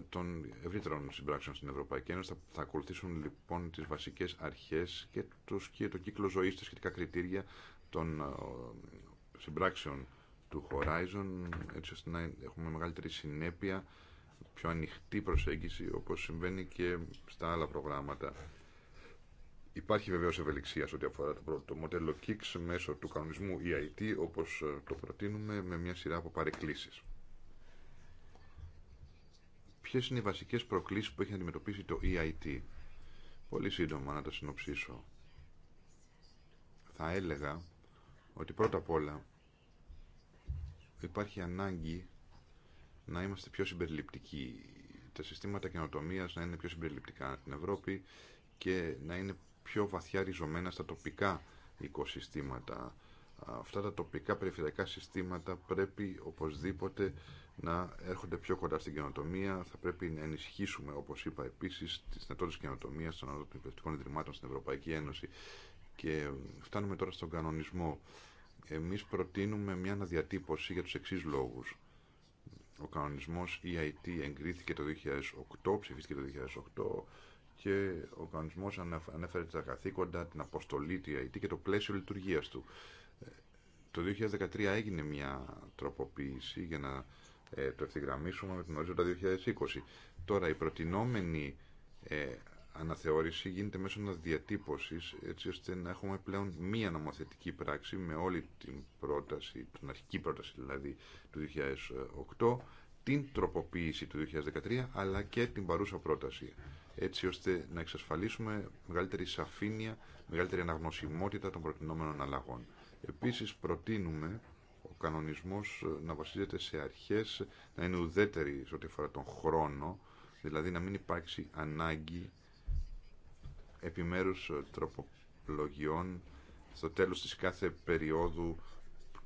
των ευρύτερων συμπράξεων στην Ευρωπαϊκή Ένωση. Θα, ακολουθήσουν λοιπόν τι βασικέ αρχέ και το, το κύκλο ζωή, τα σχετικά κριτήρια των συμπράξεων του Horizon έτσι ώστε να έχουμε μεγαλύτερη συνέπεια πιο ανοιχτή προσέγγιση όπως συμβαίνει και στα άλλα προγράμματα. Υπάρχει βεβαίως ευελιξία σε ό,τι αφορά το, μοντέλο KICS μέσω του κανονισμού EIT όπως ε, το προτείνουμε με μια σειρά από παρεκκλήσεις. Ποιες είναι οι βασικές προκλήσεις που έχει αντιμετωπίσει το EIT. Πολύ σύντομα να τα συνοψίσω. Θα έλεγα ότι πρώτα απ' όλα υπάρχει ανάγκη να είμαστε πιο συμπεριληπτικοί. Τα συστήματα καινοτομία να είναι πιο συμπεριληπτικά στην Ευρώπη και να είναι πιο βαθιά ριζωμένα στα τοπικά οικοσυστήματα. Αυτά τα τοπικά περιφερειακά συστήματα πρέπει οπωσδήποτε να έρχονται πιο κοντά στην καινοτομία. Θα πρέπει να ενισχύσουμε, όπω είπα επίση, τι δυνατότητε καινοτομία των αναδοτικών ιδρυμάτων στην Ευρωπαϊκή Ένωση. Και φτάνουμε τώρα στον κανονισμό. Εμείς προτείνουμε μια αναδιατύπωση για τους εξής λόγους. Ο κανονισμός EIT εγκρίθηκε το 2008, ψηφίστηκε το 2008 και ο κανονισμός ανέφερε τα καθήκοντα, την αποστολή του EIT και το πλαίσιο λειτουργίας του. Το 2013 έγινε μια τροποποίηση για να ε, το ευθυγραμμίσουμε με την ορίζοντα 2020. Τώρα η προτινόμενη ε, αναθεώρηση γίνεται μέσω διατύπωση, έτσι ώστε να έχουμε πλέον μία νομοθετική πράξη με όλη την πρόταση, την αρχική πρόταση δηλαδή του 2008, την τροποποίηση του 2013 αλλά και την παρούσα πρόταση έτσι ώστε να εξασφαλίσουμε μεγαλύτερη σαφήνεια, μεγαλύτερη αναγνωσιμότητα των προτινόμενων αλλαγών. Επίσης προτείνουμε ο κανονισμός ε, να βασίζεται σε αρχές, να είναι ουδέτερη σε ό,τι αφορά τον χρόνο, δηλαδή να μην υπάρξει ανάγκη επιμέρους ε, τροπολογιών στο τέλος της κάθε περίοδου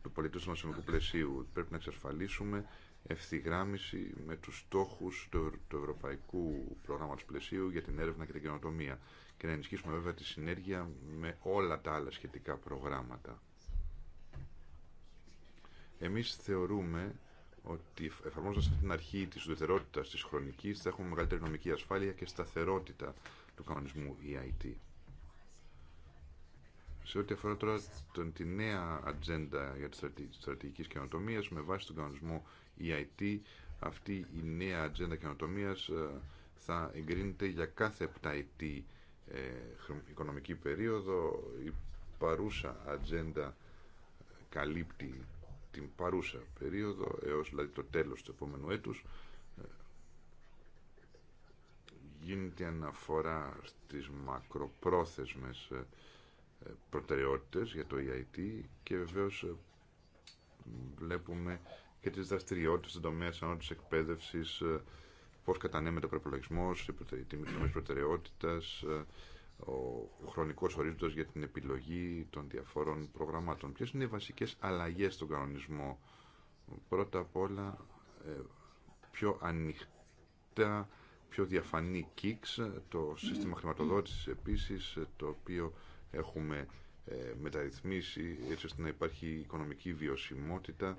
του πολιτικού νοσημικού πλαισίου. Πρέπει να εξασφαλίσουμε ευθυγράμμιση με τους στόχους του, του Ευρωπαϊκού Προγράμματος Πλαισίου για την έρευνα και την καινοτομία και να ενισχύσουμε βέβαια τη συνέργεια με όλα τα άλλα σχετικά προγράμματα. Εμείς θεωρούμε ότι εφαρμόζοντας την αρχή της ουδετερότητας της χρονικής θα έχουμε μεγαλύτερη νομική ασφάλεια και σταθερότητα του κανονισμού EIT. Σε ό,τι αφορά τώρα τον, τη νέα ατζέντα για τη στρατηγική καινοτομία με βάση τον κανονισμό EIT, αυτή η νέα ατζέντα καινοτομίας ε, θα εγκρίνεται για κάθε επταετή ε, οικονομική περίοδο. Η παρούσα ατζέντα καλύπτει την παρούσα περίοδο έως δηλαδή το τέλος του επόμενου έτους γίνεται αναφορά στις μακροπρόθεσμες ε, ε, προτεραιότητες για το EIT και βεβαίως ε, βλέπουμε και τις δραστηριότητες στον τομέα σαν της εκπαίδευσης, πώς κατανέμεται ο προπολογισμός, η τιμή προτεραιότητας, ο χρονικός ορίζοντας για την επιλογή των διαφόρων προγραμμάτων. Ποιες είναι οι βασικές αλλαγές στον κανονισμό. Πρώτα απ' όλα, πιο ανοιχτά πιο διαφανή KICS, το σύστημα χρηματοδότησης επίσης, το οποίο έχουμε ε, μεταρρυθμίσει έτσι ώστε να υπάρχει οικονομική βιωσιμότητα,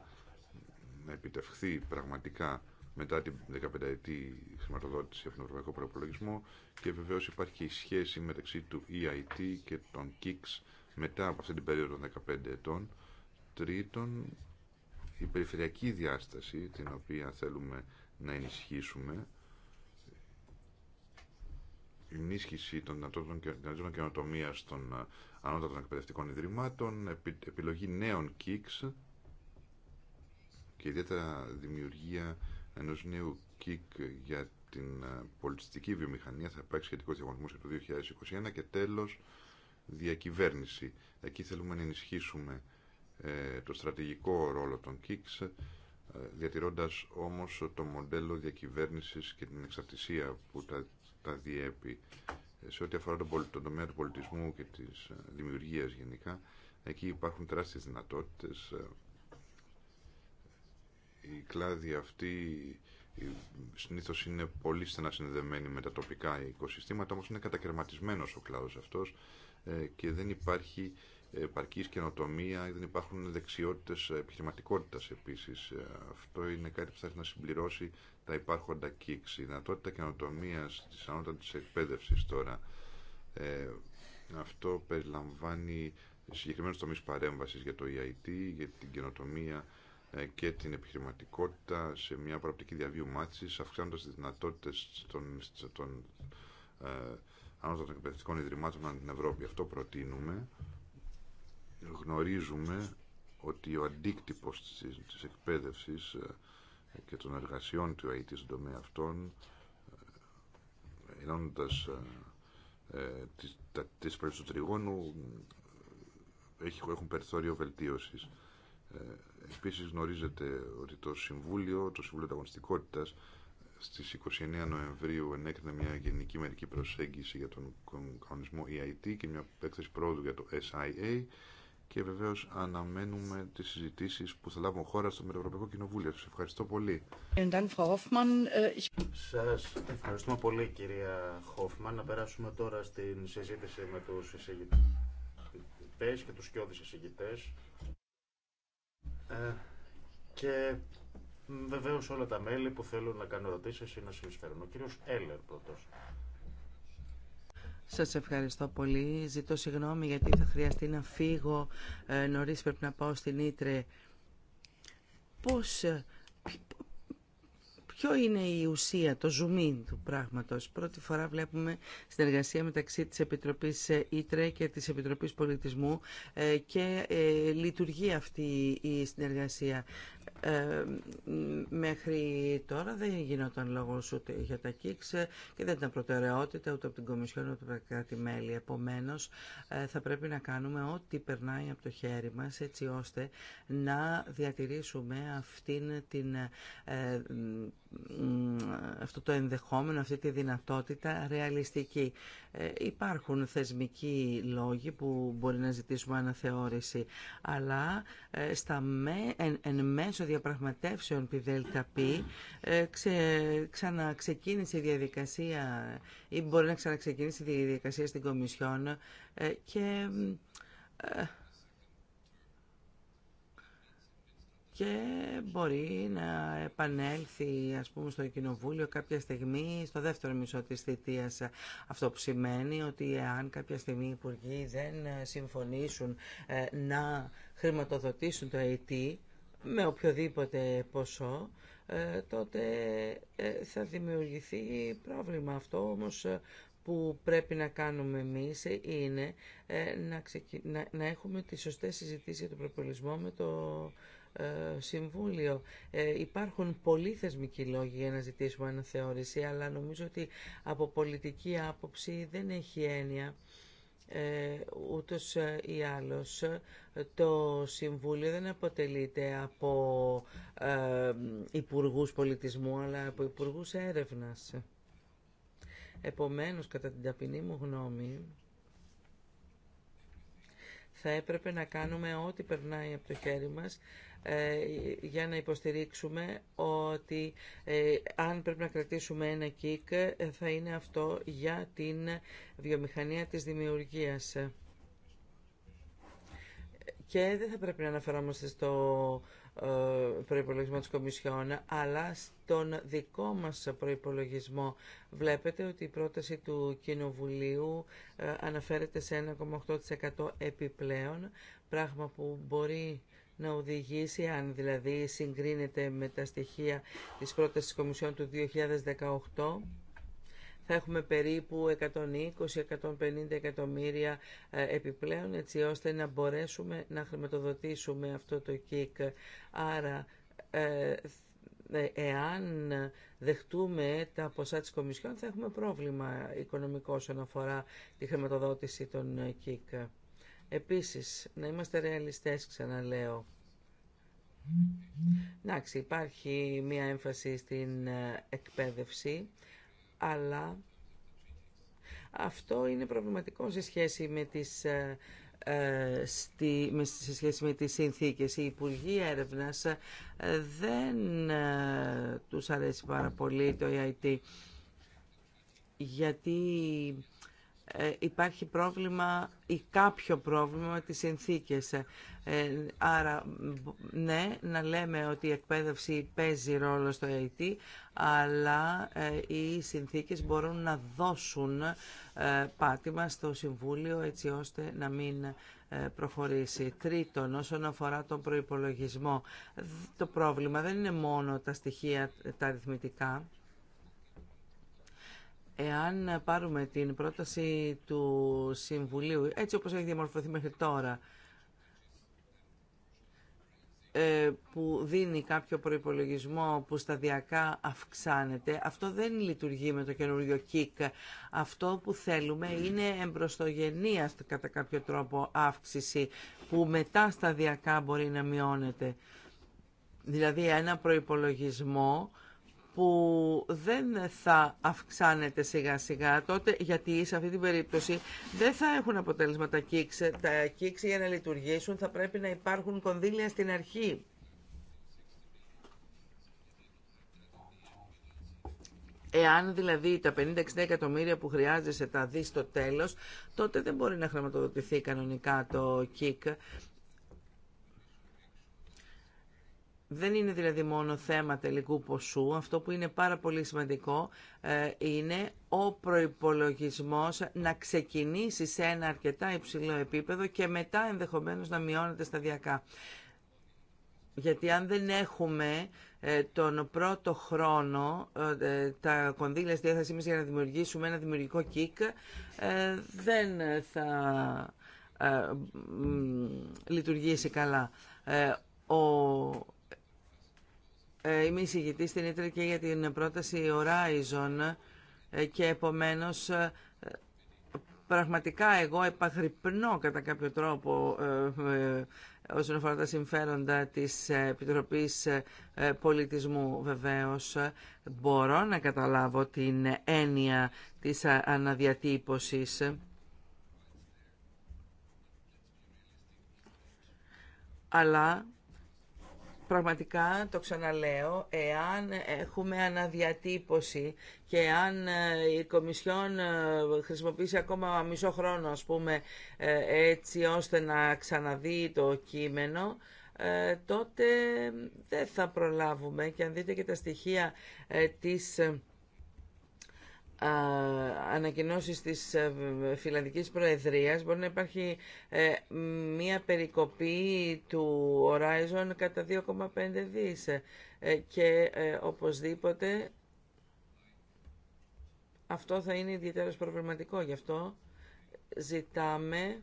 να επιτευχθεί πραγματικά μετά την 15η χρηματοδότηση από τον Ευρωπαϊκό Προπολογισμό και βεβαίω υπάρχει και η σχέση μεταξύ του EIT και των KICS μετά από αυτή την περίοδο των 15 ετών. Τρίτον, η περιφερειακή διάσταση την οποία θέλουμε να ενισχύσουμε ενίσχυση των δυνατότητων και δυνατότητων καινοτομία των ε, ανώτατων εκπαιδευτικών ιδρυμάτων, επιλογή νέων ΚΙΚΣ και ιδιαίτερα δημιουργία ενός νέου ΚΙΚ για την ε, πολιτιστική βιομηχανία θα υπάρξει σχετικό διαγωνισμό για το 2021 και τέλος διακυβέρνηση. Εκεί θέλουμε να ενισχύσουμε ε, το στρατηγικό ρόλο των ΚΙΚΣ διατηρώντας όμως το μοντέλο διακυβέρνησης και την εξαρτησία που τα τα διέπει ε, σε ό,τι αφορά τον τομέα του πολιτισμού και της ε, δημιουργίας γενικά. Εκεί υπάρχουν τεράστιες δυνατότητες. Ε. Οι κλάδοι αυτοί συνήθως είναι πολύ στενά συνδεμένοι με τα τοπικά οικοσυστήματα, όμως είναι κατακαιρματισμένος ο κλάδος αυτός και δεν υπάρχει επαρκής καινοτομία, δεν υπάρχουν δεξιότητες επιχειρηματικότητας επίσης. Αυτό είναι κάτι που θα έρθει να συμπληρώσει τα υπάρχοντα κήξη, Η δυνατότητα καινοτομία τη ανώτατη εκπαίδευση τώρα. Ε, αυτό περιλαμβάνει συγκεκριμένου τομεί παρέμβαση για το EIT, για την καινοτομία ε, και την επιχειρηματικότητα σε μια προοπτική διαβίου μάθηση, αυξάνοντα τι δυνατότητε των, των ε, ανώτατων εκπαιδευτικών ιδρυμάτων ανά την Ευρώπη. Αυτό προτείνουμε. Γνωρίζουμε ότι ο αντίκτυπος της, της εκπαίδευσης ε, και των εργασιών του ΑΕΤ στον τομέα αυτών ενώνοντα ε, ε, τις, του τριγώνου έχουν περιθώριο βελτίωσης. Ε, επίσης γνωρίζετε ότι το Συμβούλιο, το Συμβούλιο Ταγωνιστικότητας στις 29 Νοεμβρίου ενέκρινε μια γενική μερική προσέγγιση για τον κανονισμό EIT και μια έκθεση πρόοδου για το SIA και βεβαίως αναμένουμε τις συζητήσεις που θα λάβουν χώρα στο Ευρωπαϊκό Κοινοβούλιο. Σας ευχαριστώ πολύ. Äh, Σας ευχαριστούμε πολύ κυρία Χόφμαν. Να περάσουμε τώρα στην συζήτηση με τους εισηγητές και τους σκιώδεις εισηγητές. Ε, και βεβαίως όλα τα μέλη που θέλουν να κάνουν ερωτήσεις ή να συνεισφέρουν. Ο κύριος Έλερ πρώτος. Σας ευχαριστώ πολύ. Ζητώ συγγνώμη γιατί θα χρειαστεί να φύγω ε, νωρίς πρέπει να πάω στην Ήτρε. Πώς, ε, ποιο είναι η ουσία, το ζουμί του πράγματος. Πρώτη φορά βλέπουμε συνεργασία μεταξύ της Επιτροπής ε, Ήτρε και της Επιτροπής Πολιτισμού και λειτουργεί αυτή η συνεργασία. Ε, μέχρι τώρα δεν γινόταν λόγο ούτε για τα ΚΙΚΣ και δεν ήταν προτεραιότητα ούτε από την Κομισιόν ούτε από τα κράτη-μέλη. Επομένω, ε, θα πρέπει να κάνουμε ό,τι περνάει από το χέρι μα έτσι ώστε να διατηρήσουμε αυτήν την, ε, αυτό το ενδεχόμενο, αυτή τη δυνατότητα ρεαλιστική. υπάρχουν θεσμικοί λόγοι που μπορεί να ζητήσουμε αναθεώρηση, αλλά στα με, εν, μέσω διαπραγματεύσεων ΠΔΠ ε, ξε, ξαναξεκίνησε η διαδικασία ή μπορεί να ξαναξεκινήσει η μπορει να επανέλθει ας πούμε η διαδικασια στην Κομισιόν ε, και ε, και μπορεί να επανέλθει ας πούμε στο κοινοβούλιο κάποια στιγμή στο δεύτερο μισό της θητείας αυτό που σημαίνει ότι αν κάποια στιγμή οι υπουργοί δεν συμφωνήσουν να χρηματοδοτήσουν το ΑΕΤ με οποιοδήποτε ποσό, ε, τότε ε, θα δημιουργηθεί πρόβλημα. Αυτό όμως ε, που πρέπει να κάνουμε εμείς είναι να, να, έχουμε τις σωστές συζητήσεις για τον προπολισμό με το Συμβούλιο. υπάρχουν πολλοί θεσμικοί λόγοι για να ζητήσουμε αναθεώρηση, αλλά νομίζω ότι από πολιτική άποψη δεν έχει έννοια ε, ούτως ε, ή άλλως το Συμβούλιο δεν αποτελείται από ε, υπουργούς πολιτισμού αλλά από υπουργούς έρευνας. Επομένως, κατά την ταπεινή μου γνώμη, θα έπρεπε να κάνουμε ό,τι περνάει από το χέρι μας ε, για να υποστηρίξουμε ότι ε, αν πρέπει να κρατήσουμε ένα κικ ε, θα είναι αυτό για την βιομηχανία της δημιουργίας. Και δεν θα πρέπει να αναφερόμαστε στο ε, προϋπολογισμό της Κομισιόν, αλλά στον δικό μας προϋπολογισμό. Βλέπετε ότι η πρόταση του Κοινοβουλίου ε, αναφέρεται σε 1,8% επιπλέον, πράγμα που μπορεί να οδηγήσει, αν δηλαδή συγκρίνεται με τα στοιχεία της πρότασης της Κομισιόν του 2018, θα έχουμε περίπου 120-150 εκατομμύρια ε, επιπλέον έτσι ώστε να μπορέσουμε να χρηματοδοτήσουμε αυτό το ΚΙΚ. Άρα ε, ε, εάν δεχτούμε τα ποσά της Κομισιόν θα έχουμε πρόβλημα οικονομικό όσον αφορά τη χρηματοδότηση των ΚΙΚ. Επίσης, να είμαστε ρεαλιστές ξαναλέω. Εντάξει, υπάρχει μία έμφαση στην εκπαίδευση αλλά αυτό είναι προβληματικό σε σχέση με τις ε, ε, στη, σε σχέση με τις συνθήκες. Οι Υπουργοί Έρευνας ε, δεν τους αρέσει πάρα πολύ το EIT γιατί ε, υπάρχει πρόβλημα ή κάποιο πρόβλημα με τις συνθήκες. Ε, άρα, ναι, να λέμε ότι η εκπαίδευση παίζει ρόλο στο ΑΕΤ, αλλά ε, οι συνθήκες μπορούν να δώσουν πάτημα στο Συμβούλιο έτσι ώστε να μην προχωρήσει. Τρίτον, όσον αφορά τον προϋπολογισμό, το πρόβλημα δεν είναι μόνο τα στοιχεία τα αριθμητικά, Εάν πάρουμε την πρόταση του Συμβουλίου, έτσι όπως έχει διαμορφωθεί μέχρι τώρα, ε, που δίνει κάποιο προϋπολογισμό που σταδιακά αυξάνεται, αυτό δεν λειτουργεί με το καινούριο ΚΙΚ. Αυτό που θέλουμε είναι εμπροστογενία κατά κάποιο τρόπο αύξηση, που μετά σταδιακά μπορεί να μειώνεται. Δηλαδή ένα προϋπολογισμό που δεν θα αυξάνεται σιγά σιγά, τότε γιατί σε αυτή την περίπτωση δεν θα έχουν αποτέλεσμα τα κίξε. Τα κίξε για να λειτουργήσουν θα πρέπει να υπάρχουν κονδύλια στην αρχή. Εάν δηλαδή τα 50-60 εκατομμύρια που χρειάζεσαι τα δει στο τέλος, τότε δεν μπορεί να χρηματοδοτηθεί κανονικά το ΚΙΚ. Δεν είναι δηλαδή μόνο θέμα τελικού ποσού. Αυτό που είναι πάρα πολύ σημαντικό ε, είναι ο προϋπολογισμός να ξεκινήσει σε ένα αρκετά υψηλό επίπεδο και μετά ενδεχομένως να μειώνεται σταδιακά. Γιατί αν δεν έχουμε ε, τον πρώτο χρόνο ε, τα κονδύλια στη διάθεσή μας για να δημιουργήσουμε ένα δημιουργικό κικ, δεν θα λειτουργήσει καλά. Ο ε, είμαι εισηγητής στην Ήτρα και για την πρόταση Horizon ε, και επομένως ε, πραγματικά εγώ επαγρυπνώ κατά κάποιο τρόπο όσον αφορά τα συμφέροντα της Επιτροπής Πολιτισμού βεβαίως μπορώ να καταλάβω την έννοια της αναδιατύπωσης αλλά πραγματικά το ξαναλέω, εάν έχουμε αναδιατύπωση και αν ε, η Κομισιόν ε, χρησιμοποιήσει ακόμα μισό χρόνο, ας πούμε, ε, έτσι ώστε να ξαναδεί το κείμενο, τότε δεν θα προλάβουμε. Και αν δείτε και τα στοιχεία της ανακοινώσεις της ε, Φιλανδικής Προεδρίας μπορεί να υπάρχει ε, μία περικοπή του Horizon κατά 2,5 δις ε, και οπωσδήποτε αυτό θα είναι ιδιαίτερα προβληματικό. Γι' αυτό ζητάμε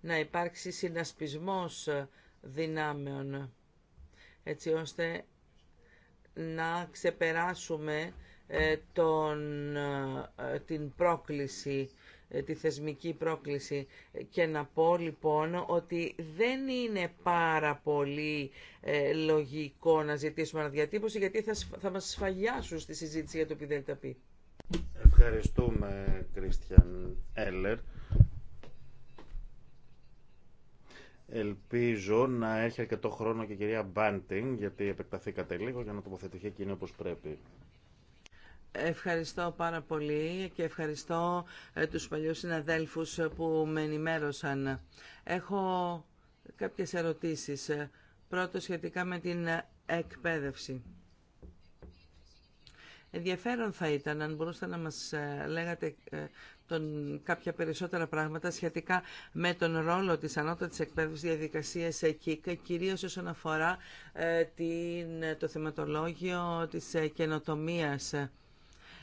να υπάρξει συνασπισμός δυνάμεων έτσι ώστε να ξεπεράσουμε ε, τον, ε, την πρόκληση, ε, τη θεσμική πρόκληση και να πω λοιπόν ότι δεν είναι πάρα πολύ λογικό να ζητήσουμε αναδιατύπωση γιατί θα, θα μας σφαγιάσουν στη συζήτηση για το πει Ευχαριστούμε Κρίστιαν Έλλερ. Ελπίζω να έχει αρκετό χρόνο και η κυρία Μπάντινγκ, γιατί επεκταθήκατε λίγο για να τοποθετηθεί εκείνη όπως πρέπει. Ευχαριστώ πάρα πολύ και ευχαριστώ ε, τους παλιούς συναδέλφους ε, που με ενημέρωσαν. Έχω κάποιες ερωτήσεις. Πρώτο σχετικά με την εκπαίδευση. Ενδιαφέρον θα ήταν αν μπορούσατε να μας ε, λέγατε τον, κάποια περισσότερα πράγματα σχετικά με τον ρόλο της ανώτατης εκπαίδευσης διαδικασίας ΚΙΚ, κυρίως όσον αφορά την, το θεματολόγιο της καινοτομίας.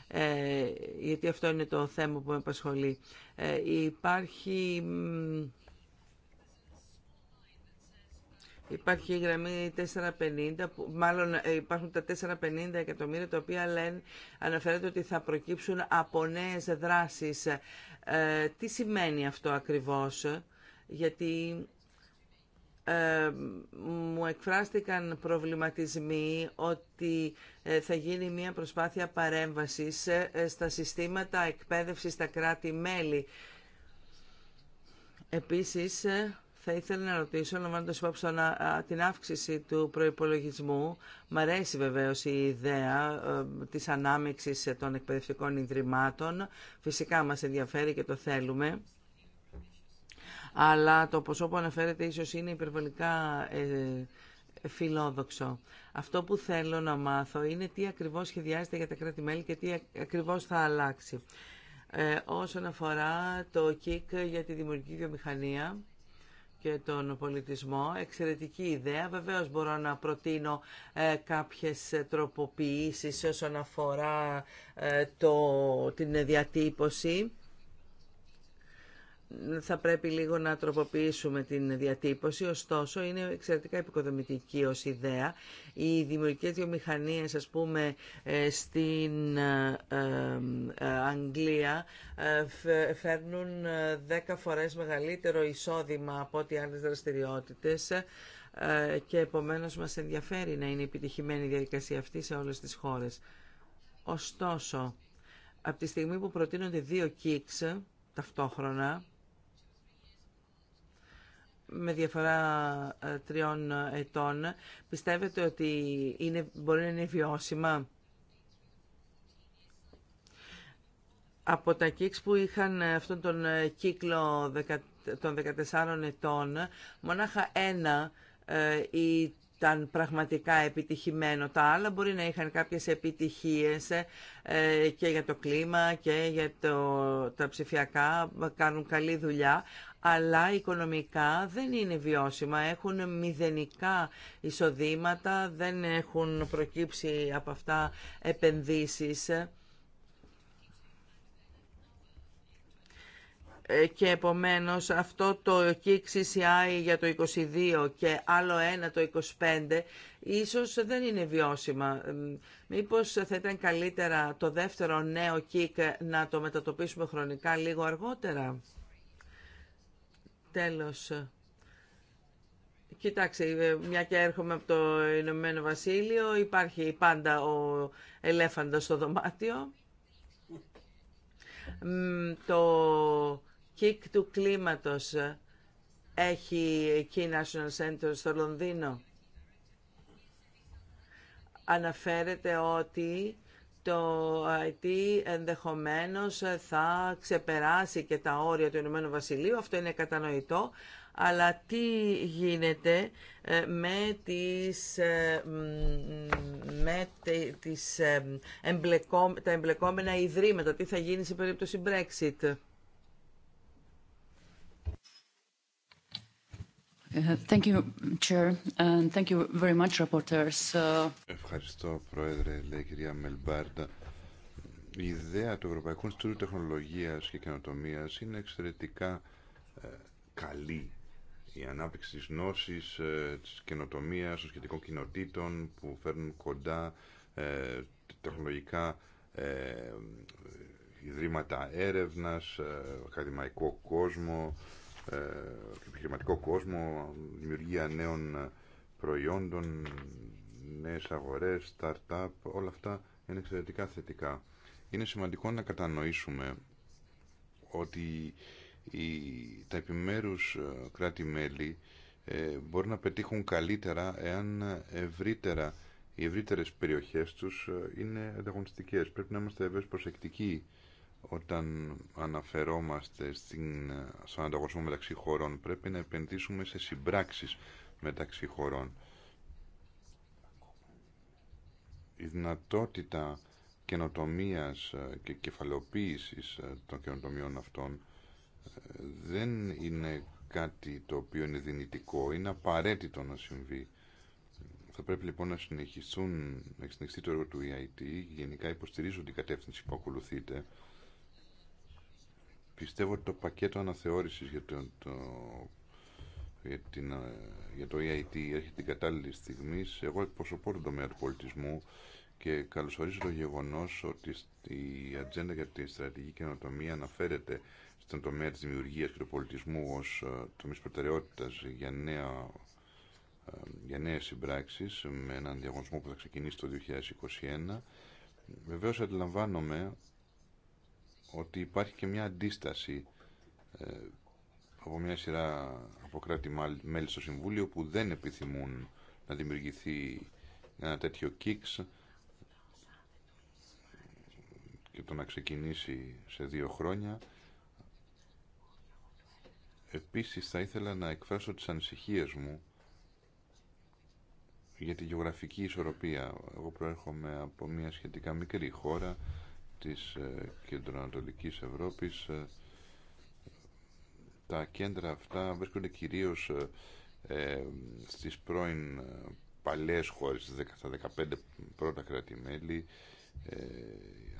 Ε, γιατί αυτό είναι το θέμα που με απασχολεί. Ε, υπάρχει... Υπάρχει η γραμμή 450, μάλλον ε, υπάρχουν τα 450 εκατομμύρια τα οποία λένε, αναφέρεται ότι θα προκύψουν από νέε δράσεις. τι σημαίνει αυτό ακριβώς, γιατί ε, μου εκφράστηκαν προβληματισμοί ότι ε, θα γίνει μια προσπάθεια παρέμβασης ε, στα συστήματα εκπαίδευσης στα κράτη-μέλη. Επίσης, θα ήθελα να ρωτήσω, λαμβάνοντα υπόψη την αύξηση του προπολογισμού. Μ' αρέσει βεβαίω η ιδέα της τη των εκπαιδευτικών ιδρυμάτων. Φυσικά μας ενδιαφέρει και το θέλουμε αλλά το ποσό που αναφέρεται ίσως είναι υπερβολικά ε, φιλόδοξο. Αυτό που θέλω να μάθω είναι τι ακριβώς σχεδιάζεται για τα κράτη-μέλη και τι ακριβώς θα αλλάξει. Ε, όσον αφορά το ΚΙΚ για τη δημιουργική βιομηχανία και τον πολιτισμό, εξαιρετική ιδέα. Βεβαίως μπορώ να προτείνω ε, κάποιες τροποποιήσεις όσον αφορά ε, το, την διατύπωση θα πρέπει λίγο να τροποποιήσουμε την διατύπωση, ωστόσο είναι εξαιρετικά επικοδομητική ως ιδέα. Οι δημιουργικές βιομηχανίες, ας πούμε, ε, στην ε, ε, Αγγλία φέρνουν 10 φορές μεγαλύτερο εισόδημα από ό,τι άλλες δραστηριότητες και επομένως μας ενδιαφέρει να είναι επιτυχημένη η διαδικασία αυτή σε όλες τις χώρες. Ωστόσο, από τη στιγμή που προτείνονται δύο κίξ ταυτόχρονα, με διαφορά ε, τριών ετών, πιστεύετε ότι είναι, μπορεί να είναι βιώσιμα. Από τα κίξ που είχαν αυτόν τον ε, κύκλο των 14 ετών, μόναχα ένα ε, ήταν πραγματικά επιτυχημένο. Τα άλλα μπορεί να είχαν κάποιες επιτυχίες και για το κλίμα και για το, τα ψηφιακά, κάνουν καλή δουλειά, αλλά οικονομικά δεν είναι βιώσιμα. Έχουν μηδενικά εισοδήματα, δεν έχουν προκύψει από αυτά επενδύσεις. Ε, και επομένως αυτό το KXCI για το 22 και άλλο ένα το 25 ίσως δεν είναι βιώσιμα. Ε, μήπως θα ήταν καλύτερα το δεύτερο νέο KIC να το μετατοπίσουμε χρονικά λίγο αργότερα. Τέλος. Κοιτάξτε, ε, μια και έρχομαι από το Ηνωμένο Βασίλειο, υπάρχει πάντα ο ελέφαντος στο δωμάτιο. Το κικ του κλίματος έχει Key National Center στο Λονδίνο. Αναφέρεται ότι το IT ενδεχομένως θα ξεπεράσει και τα όρια του Ηνωμένου Βασιλείου, αυτό είναι κατανοητό, αλλά τι γίνεται ε, με τις, ε, με τις ε, τα εμπλεκόμενα ιδρύματα, τι θα γίνει σε περίπτωση Brexit. Ευχαριστώ, Πρόεδρε, λέει η κυρία Μελμπάρντα. Η ιδέα του Ευρωπαϊκού Ινστιτούτου Τεχνολογίας και Καινοτομίας είναι εξαιρετικά ε, καλή. Η ανάπτυξη της γνώση, τη ε, της καινοτομίας, των σχετικών κοινοτήτων που φέρνουν κοντά ε, τεχνολογικά ιδρύματα έρευνας, ακαδημαϊκό κόσμο, ε, επιχειρηματικό κόσμο, δημιουργία νέων ε, προϊόντων, νέες αγορές, startup, όλα αυτά είναι εξαιρετικά θετικά. Είναι σημαντικό να κατανοήσουμε ότι τα επιμέρους ε, κράτη-μέλη μπορούν να πετύχουν καλύτερα εάν ευρύτερα οι ευρύτερες περιοχές τους είναι ανταγωνιστικές. Πρέπει να είμαστε ευαίσθητοι προσεκτικοί όταν αναφερόμαστε στην, στον ανταγωνισμό μεταξύ χωρών πρέπει να επενδύσουμε σε συμπράξεις μεταξύ χωρών. Η δυνατότητα καινοτομίας ε, και κεφαλοποίησης ε, των καινοτομιών αυτών ε, δεν είναι κάτι το οποίο είναι δυνητικό, είναι απαραίτητο να συμβεί. Θα πρέπει λοιπόν να συνεχιστούν, να συνεχιστεί το έργο του EIT. Γενικά υποστηρίζω την κατεύθυνση που ακολουθείτε. Πιστεύω ότι το πακέτο αναθεώρησης για το, το για, την, ε, για το EIT ε έρχεται την κατάλληλη στιγμή. Εγώ εκπροσωπώ τον τομέα του πολιτισμού και καλωσορίζω το γεγονό ότι η ατζέντα για τη στρατηγική καινοτομία αναφέρεται στον τομέα τη δημιουργία και του πολιτισμού ω ε, τομεί προτεραιότητα για, νέα, για νέε συμπράξει με έναν διαγωνισμό που θα ξεκινήσει το 2021. Βεβαίω αντιλαμβάνομαι ότι υπάρχει και μια αντίσταση ε, από μια σειρά από κράτη μέλη στο Συμβούλιο που δεν επιθυμούν να δημιουργηθεί ένα τέτοιο κίξ και το να ξεκινήσει σε δύο χρόνια. Επίσης θα ήθελα να εκφράσω τις ανησυχίες μου για τη γεωγραφική ισορροπία. Εγώ προέρχομαι από μια σχετικά μικρή χώρα της ε, Κεντροανατολικής Ευρώπης ε, τα κέντρα αυτά βρίσκονται κυρίως ε, ε στις πρώην παλαιές χώρες, στα 15 πρώτα κράτη-μέλη,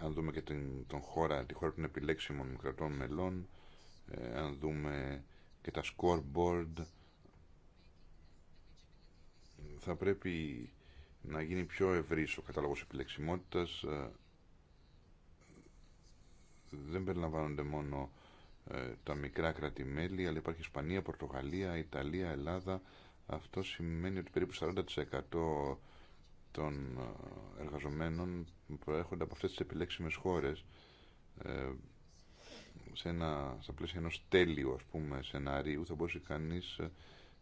αν δούμε και την, τον χώρα, τη χώρα των επιλέξιμων κρατών μελών, ε, αν δούμε και τα scoreboard, θα πρέπει να γίνει πιο ευρύς ο κατάλογος επιλεξιμότητας, δεν περιλαμβάνονται μόνο ε, τα μικρά κράτη-μέλη, αλλά υπάρχει Ισπανία, Πορτογαλία, Ιταλία, Ελλάδα. Αυτό σημαίνει ότι περίπου 40% των ε, εργαζομένων προέρχονται από αυτές τις επιλέξιμες χώρες ε, σε ένα, στα πλαίσια ενός τέλειου ας πούμε σενάριου θα μπορούσε κανείς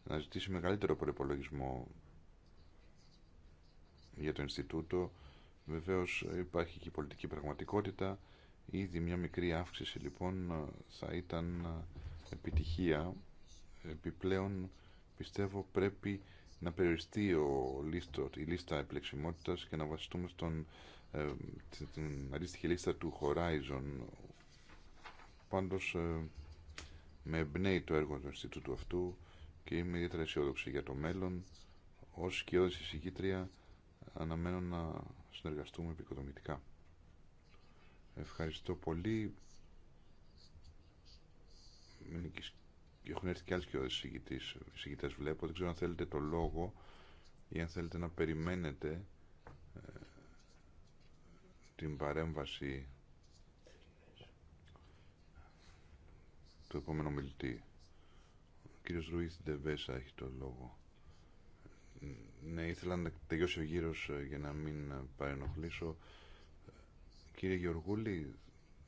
να ζητήσει μεγαλύτερο προπολογισμό για το Ινστιτούτο. Βεβαίως υπάρχει και η πολιτική πραγματικότητα Ήδη μια μικρή αύξηση λοιπόν θα ήταν επιτυχία. Επιπλέον πιστεύω πρέπει να περιοριστεί ο λίστο, η λίστα επιλεξιμότητας και να βασιστούμε στον, ε, αντίστοιχη λίστα του Horizon. Πάντως ε, με εμπνέει το έργο του Ινστιτούτου αυτού και είμαι ιδιαίτερα αισιόδοξη για το μέλλον. Ως και ως εισηγήτρια αναμένω να συνεργαστούμε επικοδομητικά. Ευχαριστώ πολύ. Έχουν έρθει και άλλοι και ο βλέπω. Δεν ξέρω αν θέλετε το λόγο ή αν θέλετε να περιμένετε ε, την παρέμβαση του επόμενου μιλητή. Ο κύριος Ρουίθ Ντεβέσα έχει το λόγο. Ναι, ήθελα να τελειώσει ο γύρος ε, για να μην ε, παρενοχλήσω. Κύριε Γεωργούλη,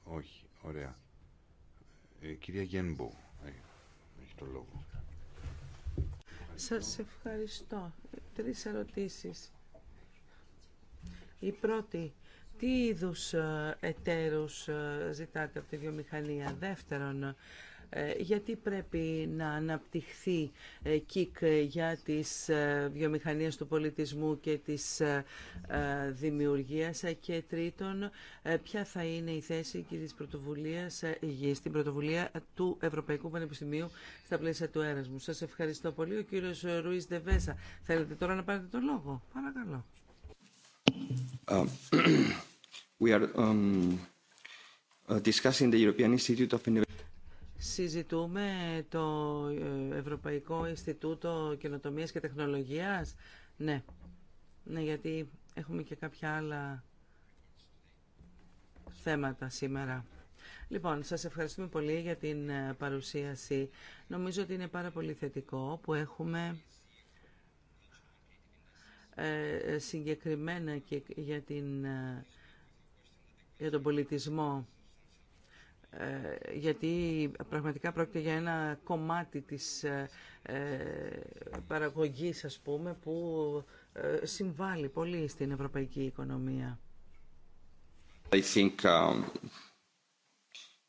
όχι, ωραία. Ε, κυρία Γένμπο, ε, έχει το λόγο. Σας ευχαριστώ. Τρεις ερωτήσεις. Η πρώτη, τι είδους ε, εταίρους ε, ζητάτε από τη βιομηχανία. Δεύτερον, ε, γιατί πρέπει να αναπτυχθεί ε, ΚΙΚ ε, για τις βιομηχανίες του πολιτισμού και της δημιουργίας και τρίτον ποια θα είναι η θέση και της πρωτοβουλίας στην πρωτοβουλία του Ευρωπαϊκού Πανεπιστημίου στα πλαίσια του έρασμου. Σας ευχαριστώ πολύ. Ο κύριος Ρουίς Δεβέσα. Θέλετε τώρα να πάρετε το λόγο. Παρακαλώ. Uh, we are, um, uh, συζητούμε το ε, Ευρωπαϊκό Ινστιτούτο Καινοτομίας και Τεχνολογίας. Ναι. Ναι, γιατί έχουμε και κάποια άλλα θέματα σήμερα. Λοιπόν, σας ευχαριστούμε πολύ για την ε, παρουσίαση. Νομίζω ότι είναι πάρα πολύ θετικό που έχουμε ε, συγκεκριμένα και για, την, για τον πολιτισμό ε, γιατί πραγματικά πρόκειται για ένα κομμάτι της ε, ε, παραγωγής, ας πούμε, που συμβάλλει πολύ στην ευρωπαϊκή οικονομία. I think, um,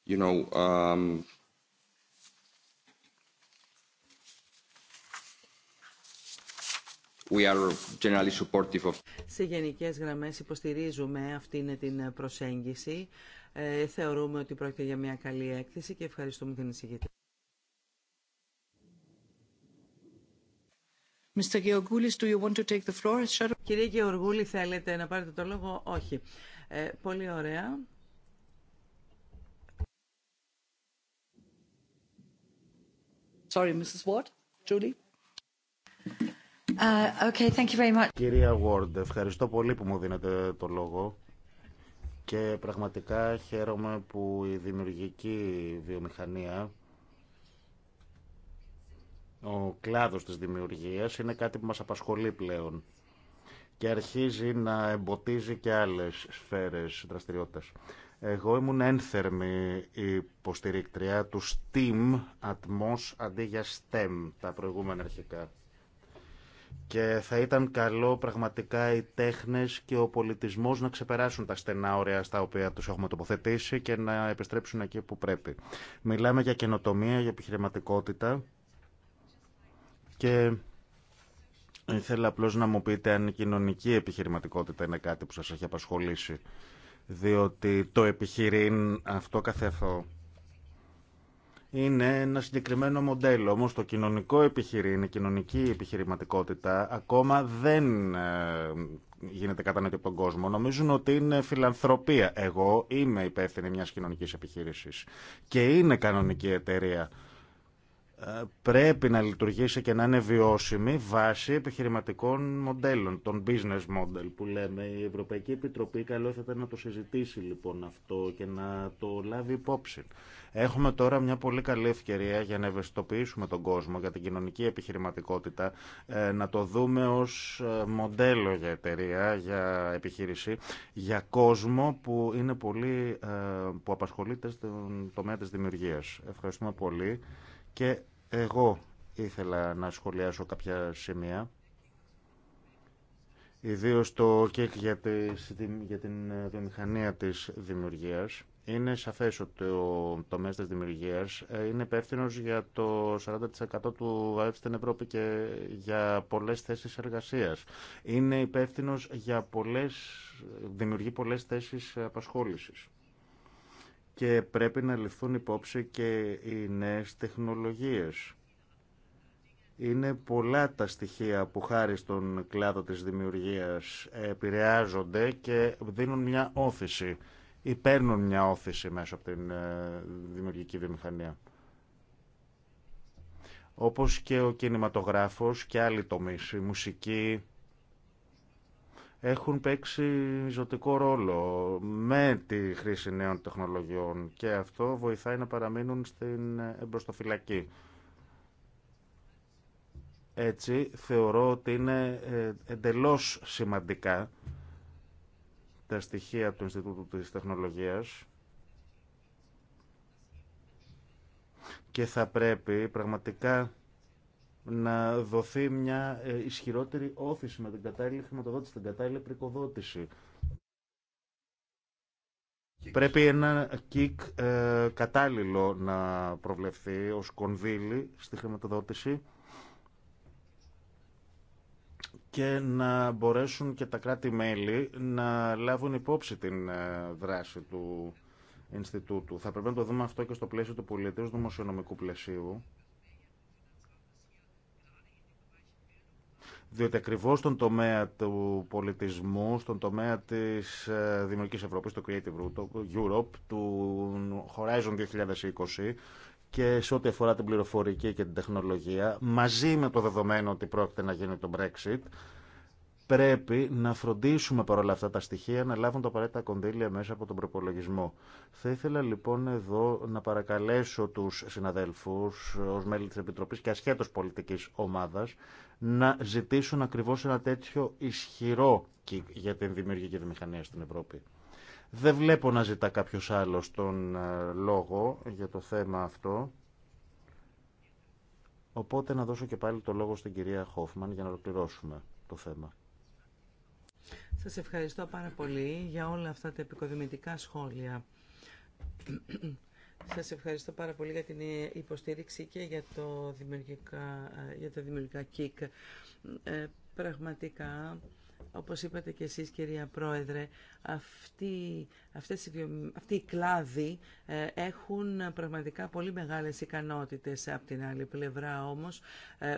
you know, um... We are of... Σε γενικές γραμμές υποστηρίζουμε αυτήν την προσέγγιση. Ε, θεωρούμε ότι πρόκειται για μια καλή έκθεση και ευχαριστούμε την εισηγητή. Mr. Georgoulis, do you want to take the floor? Κύριε Γεωργούλη, θέλετε να πάρετε το λόγο? Όχι. Ε, πολύ ωραία. Sorry, Mrs. Ward. Julie. Uh, okay, thank you very much. Κυρία Ward, ευχαριστώ πολύ που μου δίνετε το λόγο. Και πραγματικά χαίρομαι που η δημιουργική βιομηχανία, ο κλάδος της δημιουργίας είναι κάτι που μας απασχολεί πλέον και αρχίζει να εμποτίζει και άλλες σφαίρες δραστηριότητας. Εγώ ήμουν ένθερμη υποστηρίκτρια του STEAM, ατμός αντί για STEM, τα προηγούμενα αρχικά. Και θα ήταν καλό πραγματικά οι τέχνες και ο πολιτισμός να ξεπεράσουν τα στενά όρια στα οποία τους έχουμε τοποθετήσει και να επιστρέψουν εκεί που πρέπει. Μιλάμε για καινοτομία, για επιχειρηματικότητα και ήθελα απλώς να μου πείτε αν η κοινωνική επιχειρηματικότητα είναι κάτι που σας έχει απασχολήσει διότι το επιχειρήν αυτό καθεθώ είναι ένα συγκεκριμένο μοντέλο. Όμως το κοινωνικό επιχειρήν, η κοινωνική επιχειρηματικότητα ακόμα δεν ε, γίνεται κατανοητή από τον κόσμο. Νομίζουν ότι είναι φιλανθρωπία. Εγώ είμαι υπεύθυνη μιας κοινωνικής επιχείρησης και είναι κανονική εταιρεία ε, πρέπει να λειτουργήσει και να είναι βιώσιμη βάσει επιχειρηματικών μοντέλων, των business model που λέμε. Η Ευρωπαϊκή Επιτροπή καλό θα ήταν να το συζητήσει λοιπόν αυτό και να το λάβει υπόψη. Έχουμε τώρα μια πολύ καλή ευκαιρία για να ευαισθητοποιήσουμε τον κόσμο για την κοινωνική επιχειρηματικότητα, ε, να το δούμε ως ε, μοντέλο για εταιρεία, για επιχείρηση, για κόσμο που, είναι πολύ, που απασχολείται στον τομέα της δημιουργίας. Ευχαριστούμε πολύ και εγώ ήθελα να σχολιάσω κάποια σημεία. Ιδίω το κεκ για, για την ε, βιομηχανία της δημιουργίας. Είναι σαφές ότι ο τομέας της δημιουργίας ε, είναι υπεύθυνο για το 40% του ΑΕΠ στην Ευρώπη και για πολλές θέσεις εργασίας. Είναι υπεύθυνο για πολλές, δημιουργεί πολλές θέσεις απασχόλησης και πρέπει να ληφθούν υπόψη και οι νέες τεχνολογίες. Είναι πολλά τα στοιχεία που χάρη στον κλάδο της δημιουργίας επηρεάζονται και δίνουν μια όθηση ή παίρνουν μια όθηση μέσα από την ε, δημιουργική βιομηχανία. Όπως και ο κινηματογράφος και άλλοι τομείς, η μουσική, έχουν παίξει ζωτικό ρόλο με τη χρήση νέων τεχνολογιών και αυτό βοηθάει να παραμείνουν στην εμπροστοφυλακή. Έτσι θεωρώ ότι είναι ε, εντελώς σημαντικά τα στοιχεία του Ινστιτούτου της Τεχνολογίας και θα πρέπει πραγματικά να δοθεί μια ε, ισχυρότερη όθηση με την κατάλληλη χρηματοδότηση, την κατάλληλη πρικοδότηση. Πρέπει ένα κικ ε, κατάλληλο να προβλεφθεί ως κονδύλι στη χρηματοδότηση και να μπορέσουν και τα κράτη-μέλη να λάβουν υπόψη την ε, δράση του Ινστιτούτου. Θα πρέπει να το δούμε αυτό και στο πλαίσιο του πολιτικού δημοσιονομικού πλαισίου Διότι ακριβώ στον τομέα του πολιτισμού, στον τομέα τη ε, Δημιουργική Ευρώπη, το Creative Europe, του Horizon 2020 και σε ό,τι αφορά την πληροφορική και την τεχνολογία, μαζί με το δεδομένο ότι πρόκειται να γίνει το Brexit, πρέπει να φροντίσουμε παρόλα αυτά τα στοιχεία να λάβουν τα απαραίτητα κονδύλια μέσα από τον προπολογισμό. Θα ήθελα λοιπόν εδώ να παρακαλέσω τους συναδέλφους ε, ως μέλη της Επιτροπής και ασχέτως πολιτικής ομάδας να ζητήσουν ακριβώς ένα τέτοιο ισχυρό για την δημιουργία τη μηχανία στην Ευρώπη. Δεν βλέπω να ζητά κάποιος άλλος τον ε, λόγο για το θέμα αυτό. Οπότε να δώσω και πάλι το λόγο στην κυρία Χόφμαν για να ολοκληρώσουμε το θέμα. Σας ευχαριστώ πάρα πολύ για όλα αυτά τα επικοδημητικά σχόλια. Σας ευχαριστώ πάρα πολύ για την ε, υποστήριξη και για, το δημιουργικά, ε, για τα δημιουργικά κίκ. Ε, πραγματικά, όπως είπατε και εσείς κυρία Πρόεδρε, αυτοί, αυτές οι, αυτοί οι κλάδοι ε, έχουν πραγματικά πολύ μεγάλες ικανότητες. Από την άλλη πλευρά όμως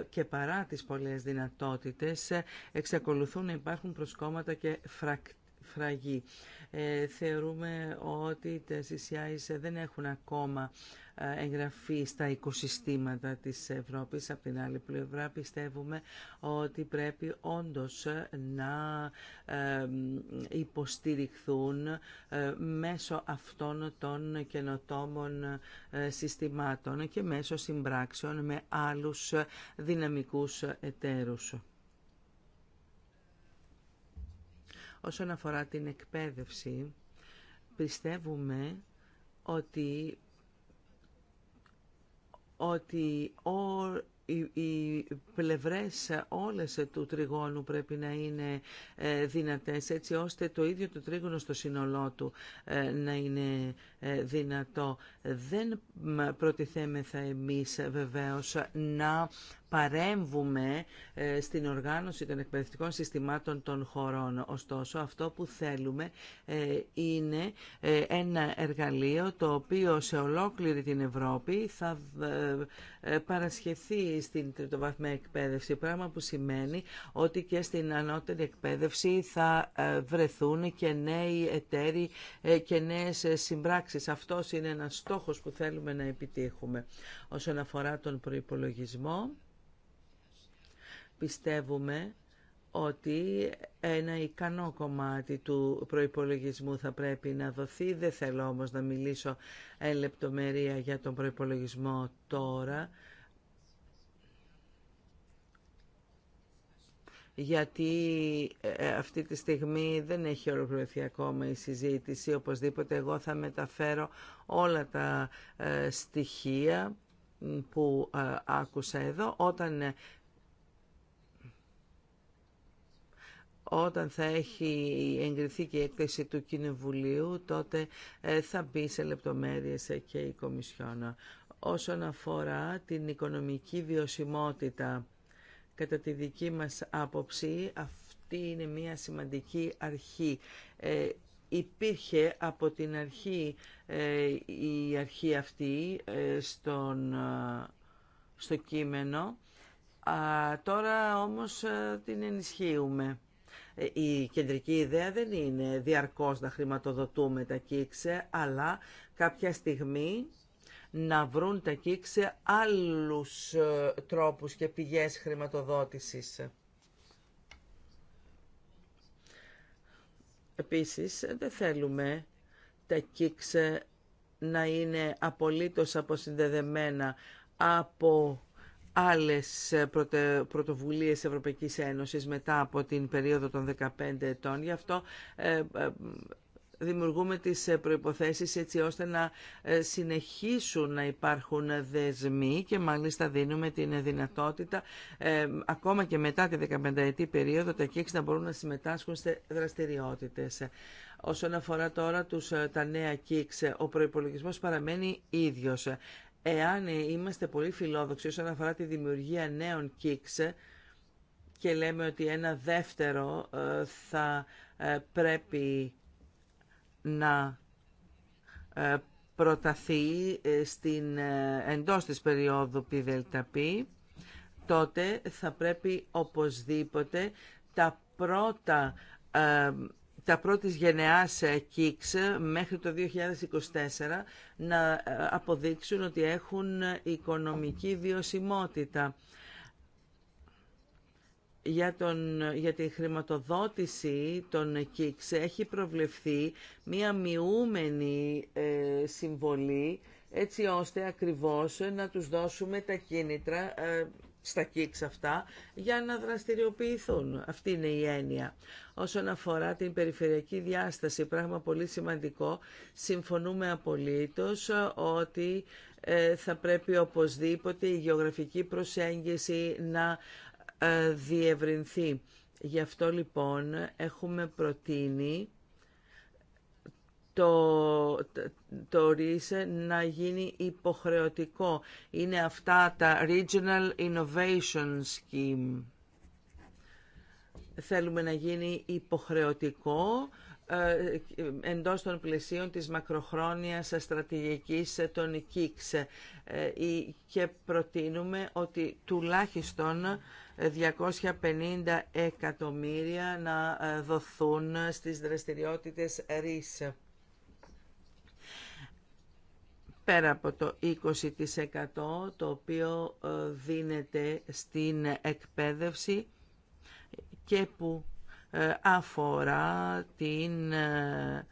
και παρά τις πολλές δυνατότητες εξακολουθούν να υπάρχουν προσκόμματα και φρακτήρες φραγή. Ε, θεωρούμε ότι τα CCIs δεν έχουν ακόμα ε, εγγραφεί στα οικοσυστήματα της Ευρώπης. Από την άλλη πλευρά πιστεύουμε ότι πρέπει όντως να υποστηριχθούν ε, μέσω αυτών των καινοτόμων συστημάτων και μέσω συμπράξεων με άλλους δυναμικούς εταίρους. Όσον αφορά την εκπαίδευση, πιστεύουμε ότι, ότι ο, οι, οι πλευρές όλες του τριγώνου πρέπει να είναι ε, δυνατές έτσι ώστε το ίδιο το τρίγωνο στο σύνολό του ε, να είναι ε, δυνατό. Δεν προτιθέμεθα εμείς βεβαίως να παρέμβουμε ε, στην οργάνωση των εκπαιδευτικών συστημάτων των χωρών. Ωστόσο, αυτό που θέλουμε ε, είναι ε, ένα εργαλείο το οποίο σε ολόκληρη την Ευρώπη θα παρασχεθεί στην τριτοβαθμία εκπαίδευση, πράγμα που σημαίνει ότι και στην ανώτερη εκπαίδευση θα βρεθούν και νέοι εταίροι και νέες συμπράξεις. Αυτός είναι ένας στόχος που θέλουμε να επιτύχουμε. Όσον αφορά τον προϋπολογισμό, Πιστεύουμε ότι ένα ικανό κομμάτι του προϋπολογισμού θα πρέπει να δοθεί. Δεν θέλω όμως να μιλήσω εν για τον προϋπολογισμό τώρα. γιατί ε, ε, αυτή τη στιγμή δεν έχει ολοκληρωθεί ακόμα η συζήτηση. Οπωσδήποτε εγώ θα μεταφέρω όλα τα ε, στοιχεία που άκουσα εδώ. Όταν Όταν θα έχει εγκριθεί και η έκθεση του Κοινοβουλίου, τότε ε, θα μπει σε λεπτομέρειες ε, και η Κομισιόνα. Όσον αφορά την οικονομική βιωσιμότητα, κατά τη δική μας άποψη, αυτή είναι μια σημαντική αρχή. Ε, υπήρχε από την αρχή ε, η αρχή αυτή στον, στο κείμενο, τώρα όμως την ενισχύουμε. Ε, η κεντρική ιδέα δεν είναι διαρκώς να χρηματοδοτούμε τα κίξε, αλλά κάποια στιγμή να βρουν τα κίξε άλλους ε, τρόπους και πηγές χρηματοδότησης. Επίσης, δεν θέλουμε τα κίξε να είναι απολύτως αποσυνδεδεμένα από άλλες ε, πρωτοβουλίες Ευρωπαϊκής Ένωσης μετά από την περίοδο των 15 ετών. Γι' αυτό ε, ε, δημιουργούμε τις προϋποθέσεις έτσι ώστε να συνεχίσουν να υπάρχουν δεσμοί και μάλιστα δίνουμε την δυνατότητα ακόμα και μετά τη 15 ετη περίοδο τα ΚΙΚΣ να μπορούν να συμμετάσχουν σε δραστηριότητες. Όσον αφορά τώρα τους, τα νέα ΚΙΚΣ, ο προϋπολογισμός παραμένει ίδιος εάν είμαστε πολύ φιλόδοξοι όσον αφορά τη δημιουργία νέων κίξ και λέμε ότι ένα δεύτερο ε, θα ε, πρέπει να ε, προταθεί στην, εντός της περίοδου πι τότε θα πρέπει οπωσδήποτε τα πρώτα τα πρώτης γενεάς ΚΙΚΣ ε, μέχρι το 2024 να ε, αποδείξουν ότι έχουν ε, οικονομική βιωσιμότητα. Για, τον, για τη χρηματοδότηση των ΚΙΚΣ έχει προβλεφθεί μία μειούμενη συμβολή έτσι ώστε ακριβώς να τους δώσουμε τα κίνητρα στα κίξ αυτά για να δραστηριοποιηθούν. Αυτή είναι η έννοια. Όσον αφορά την περιφερειακή διάσταση, πράγμα πολύ σημαντικό, συμφωνούμε απολύτως ότι ε, θα πρέπει οπωσδήποτε η γεωγραφική προσέγγιση να ε, διευρυνθεί. Γι' αυτό λοιπόν έχουμε προτείνει το, το, να γίνει υποχρεωτικό. Είναι αυτά τα Regional Innovation Scheme. Θέλουμε να γίνει υποχρεωτικό ε, εντός των πλαισίων της μακροχρόνιας στρατηγικής των ΚΙΚΣ ε, και προτείνουμε ότι τουλάχιστον 250 εκατομμύρια να ε, δοθούν στις δραστηριότητες ΡΙΣ πέρα από το 20% το οποίο ε, δίνεται στην εκπαίδευση και που ε, αφορά την ε,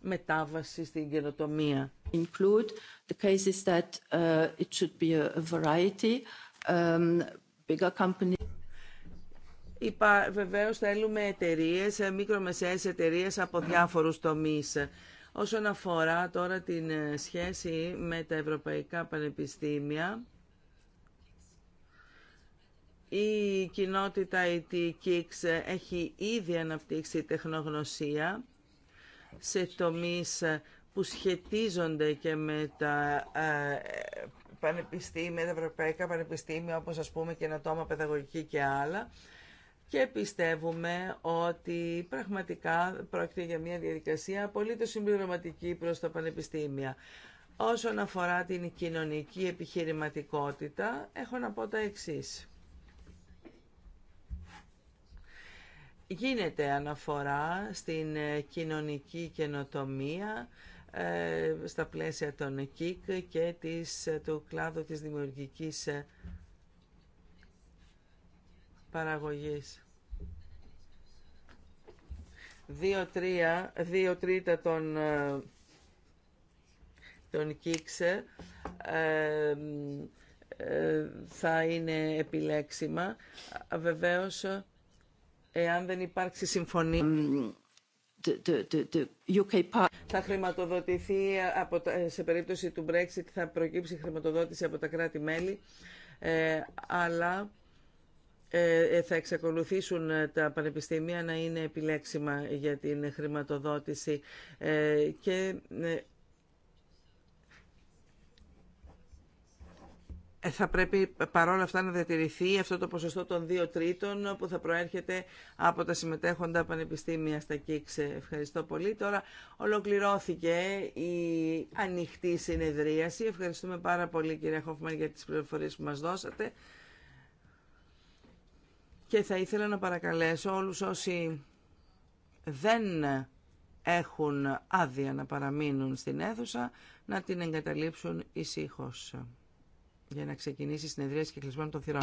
μετάβαση στην καινοτομία. Include the cases that uh, it should be a variety, um, bigger company. βεβαίως θέλουμε εταιρείε, μικρομεσαίες εταιρείες από διάφορους τομείς Όσον αφορά τώρα την ε, σχέση με τα ευρωπαϊκά πανεπιστήμια, η κοινότητα IT έχει ήδη αναπτύξει τεχνογνωσία σε τομείς που σχετίζονται και με τα ε, πανεπιστήμια, τα ευρωπαϊκά πανεπιστήμια, όπως ας πούμε και ένα τόμα παιδαγωγική και άλλα και πιστεύουμε ότι πραγματικά πρόκειται για μια διαδικασία το συμπληρωματική προς τα πανεπιστήμια. Όσον αφορά την κοινωνική επιχειρηματικότητα, έχω να πω τα εξής. Γίνεται αναφορά στην ε, κοινωνική καινοτομία ε, στα πλαίσια των ΚΙΚ και της, ε, του κλάδου της δημιουργικής παραγωγής. 2-3, 2 τρίτα των, ε, των Κίξε ε, ε, θα είναι επιλέξιμα. Βεβαίως, εάν δεν υπάρξει συμφωνία... UK... Um, θα χρηματοδοτηθεί από τα, σε περίπτωση του Brexit θα προκύψει χρηματοδότηση από τα κράτη-μέλη ε, αλλά ε, ε, θα εξακολουθήσουν ε, τα πανεπιστήμια να είναι επιλέξιμα για την χρηματοδότηση και θα πρέπει παρόλα αυτά να διατηρηθεί αυτό το ποσοστό των δύο τρίτων που θα προέρχεται από τα συμμετέχοντα πανεπιστήμια στα ΚΙΚΣ. Ευχαριστώ πολύ. Τώρα ολοκληρώθηκε η ανοιχτή συνεδρίαση. Ευχαριστούμε πάρα πολύ κυρία Χόφμαν για τις πληροφορίες που μας δώσατε. Και θα ήθελα να παρακαλέσω όλους όσοι δεν έχουν άδεια να παραμείνουν στην αίθουσα να την εγκαταλείψουν ησύχως για να ξεκινήσει η συνεδρία κλεισμένο των θυρών.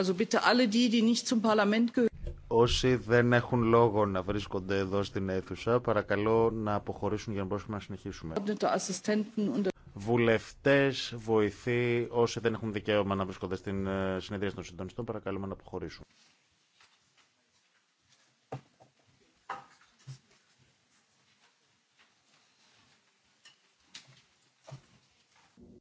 Also bitte alle die, die nicht zum Parlament gehören. Όσοι δεν έχουν λόγο να βρίσκονται εδώ στην αίθουσα, παρακαλώ να αποχωρήσουν για να μπορούμε να συνεχίσουμε. Βουλευτέ, βοηθοί, όσοι δεν έχουν δικαίωμα να βρίσκονται στην ε, συνεδρία των συντονιστών, παρακαλούμε να αποχωρήσουν.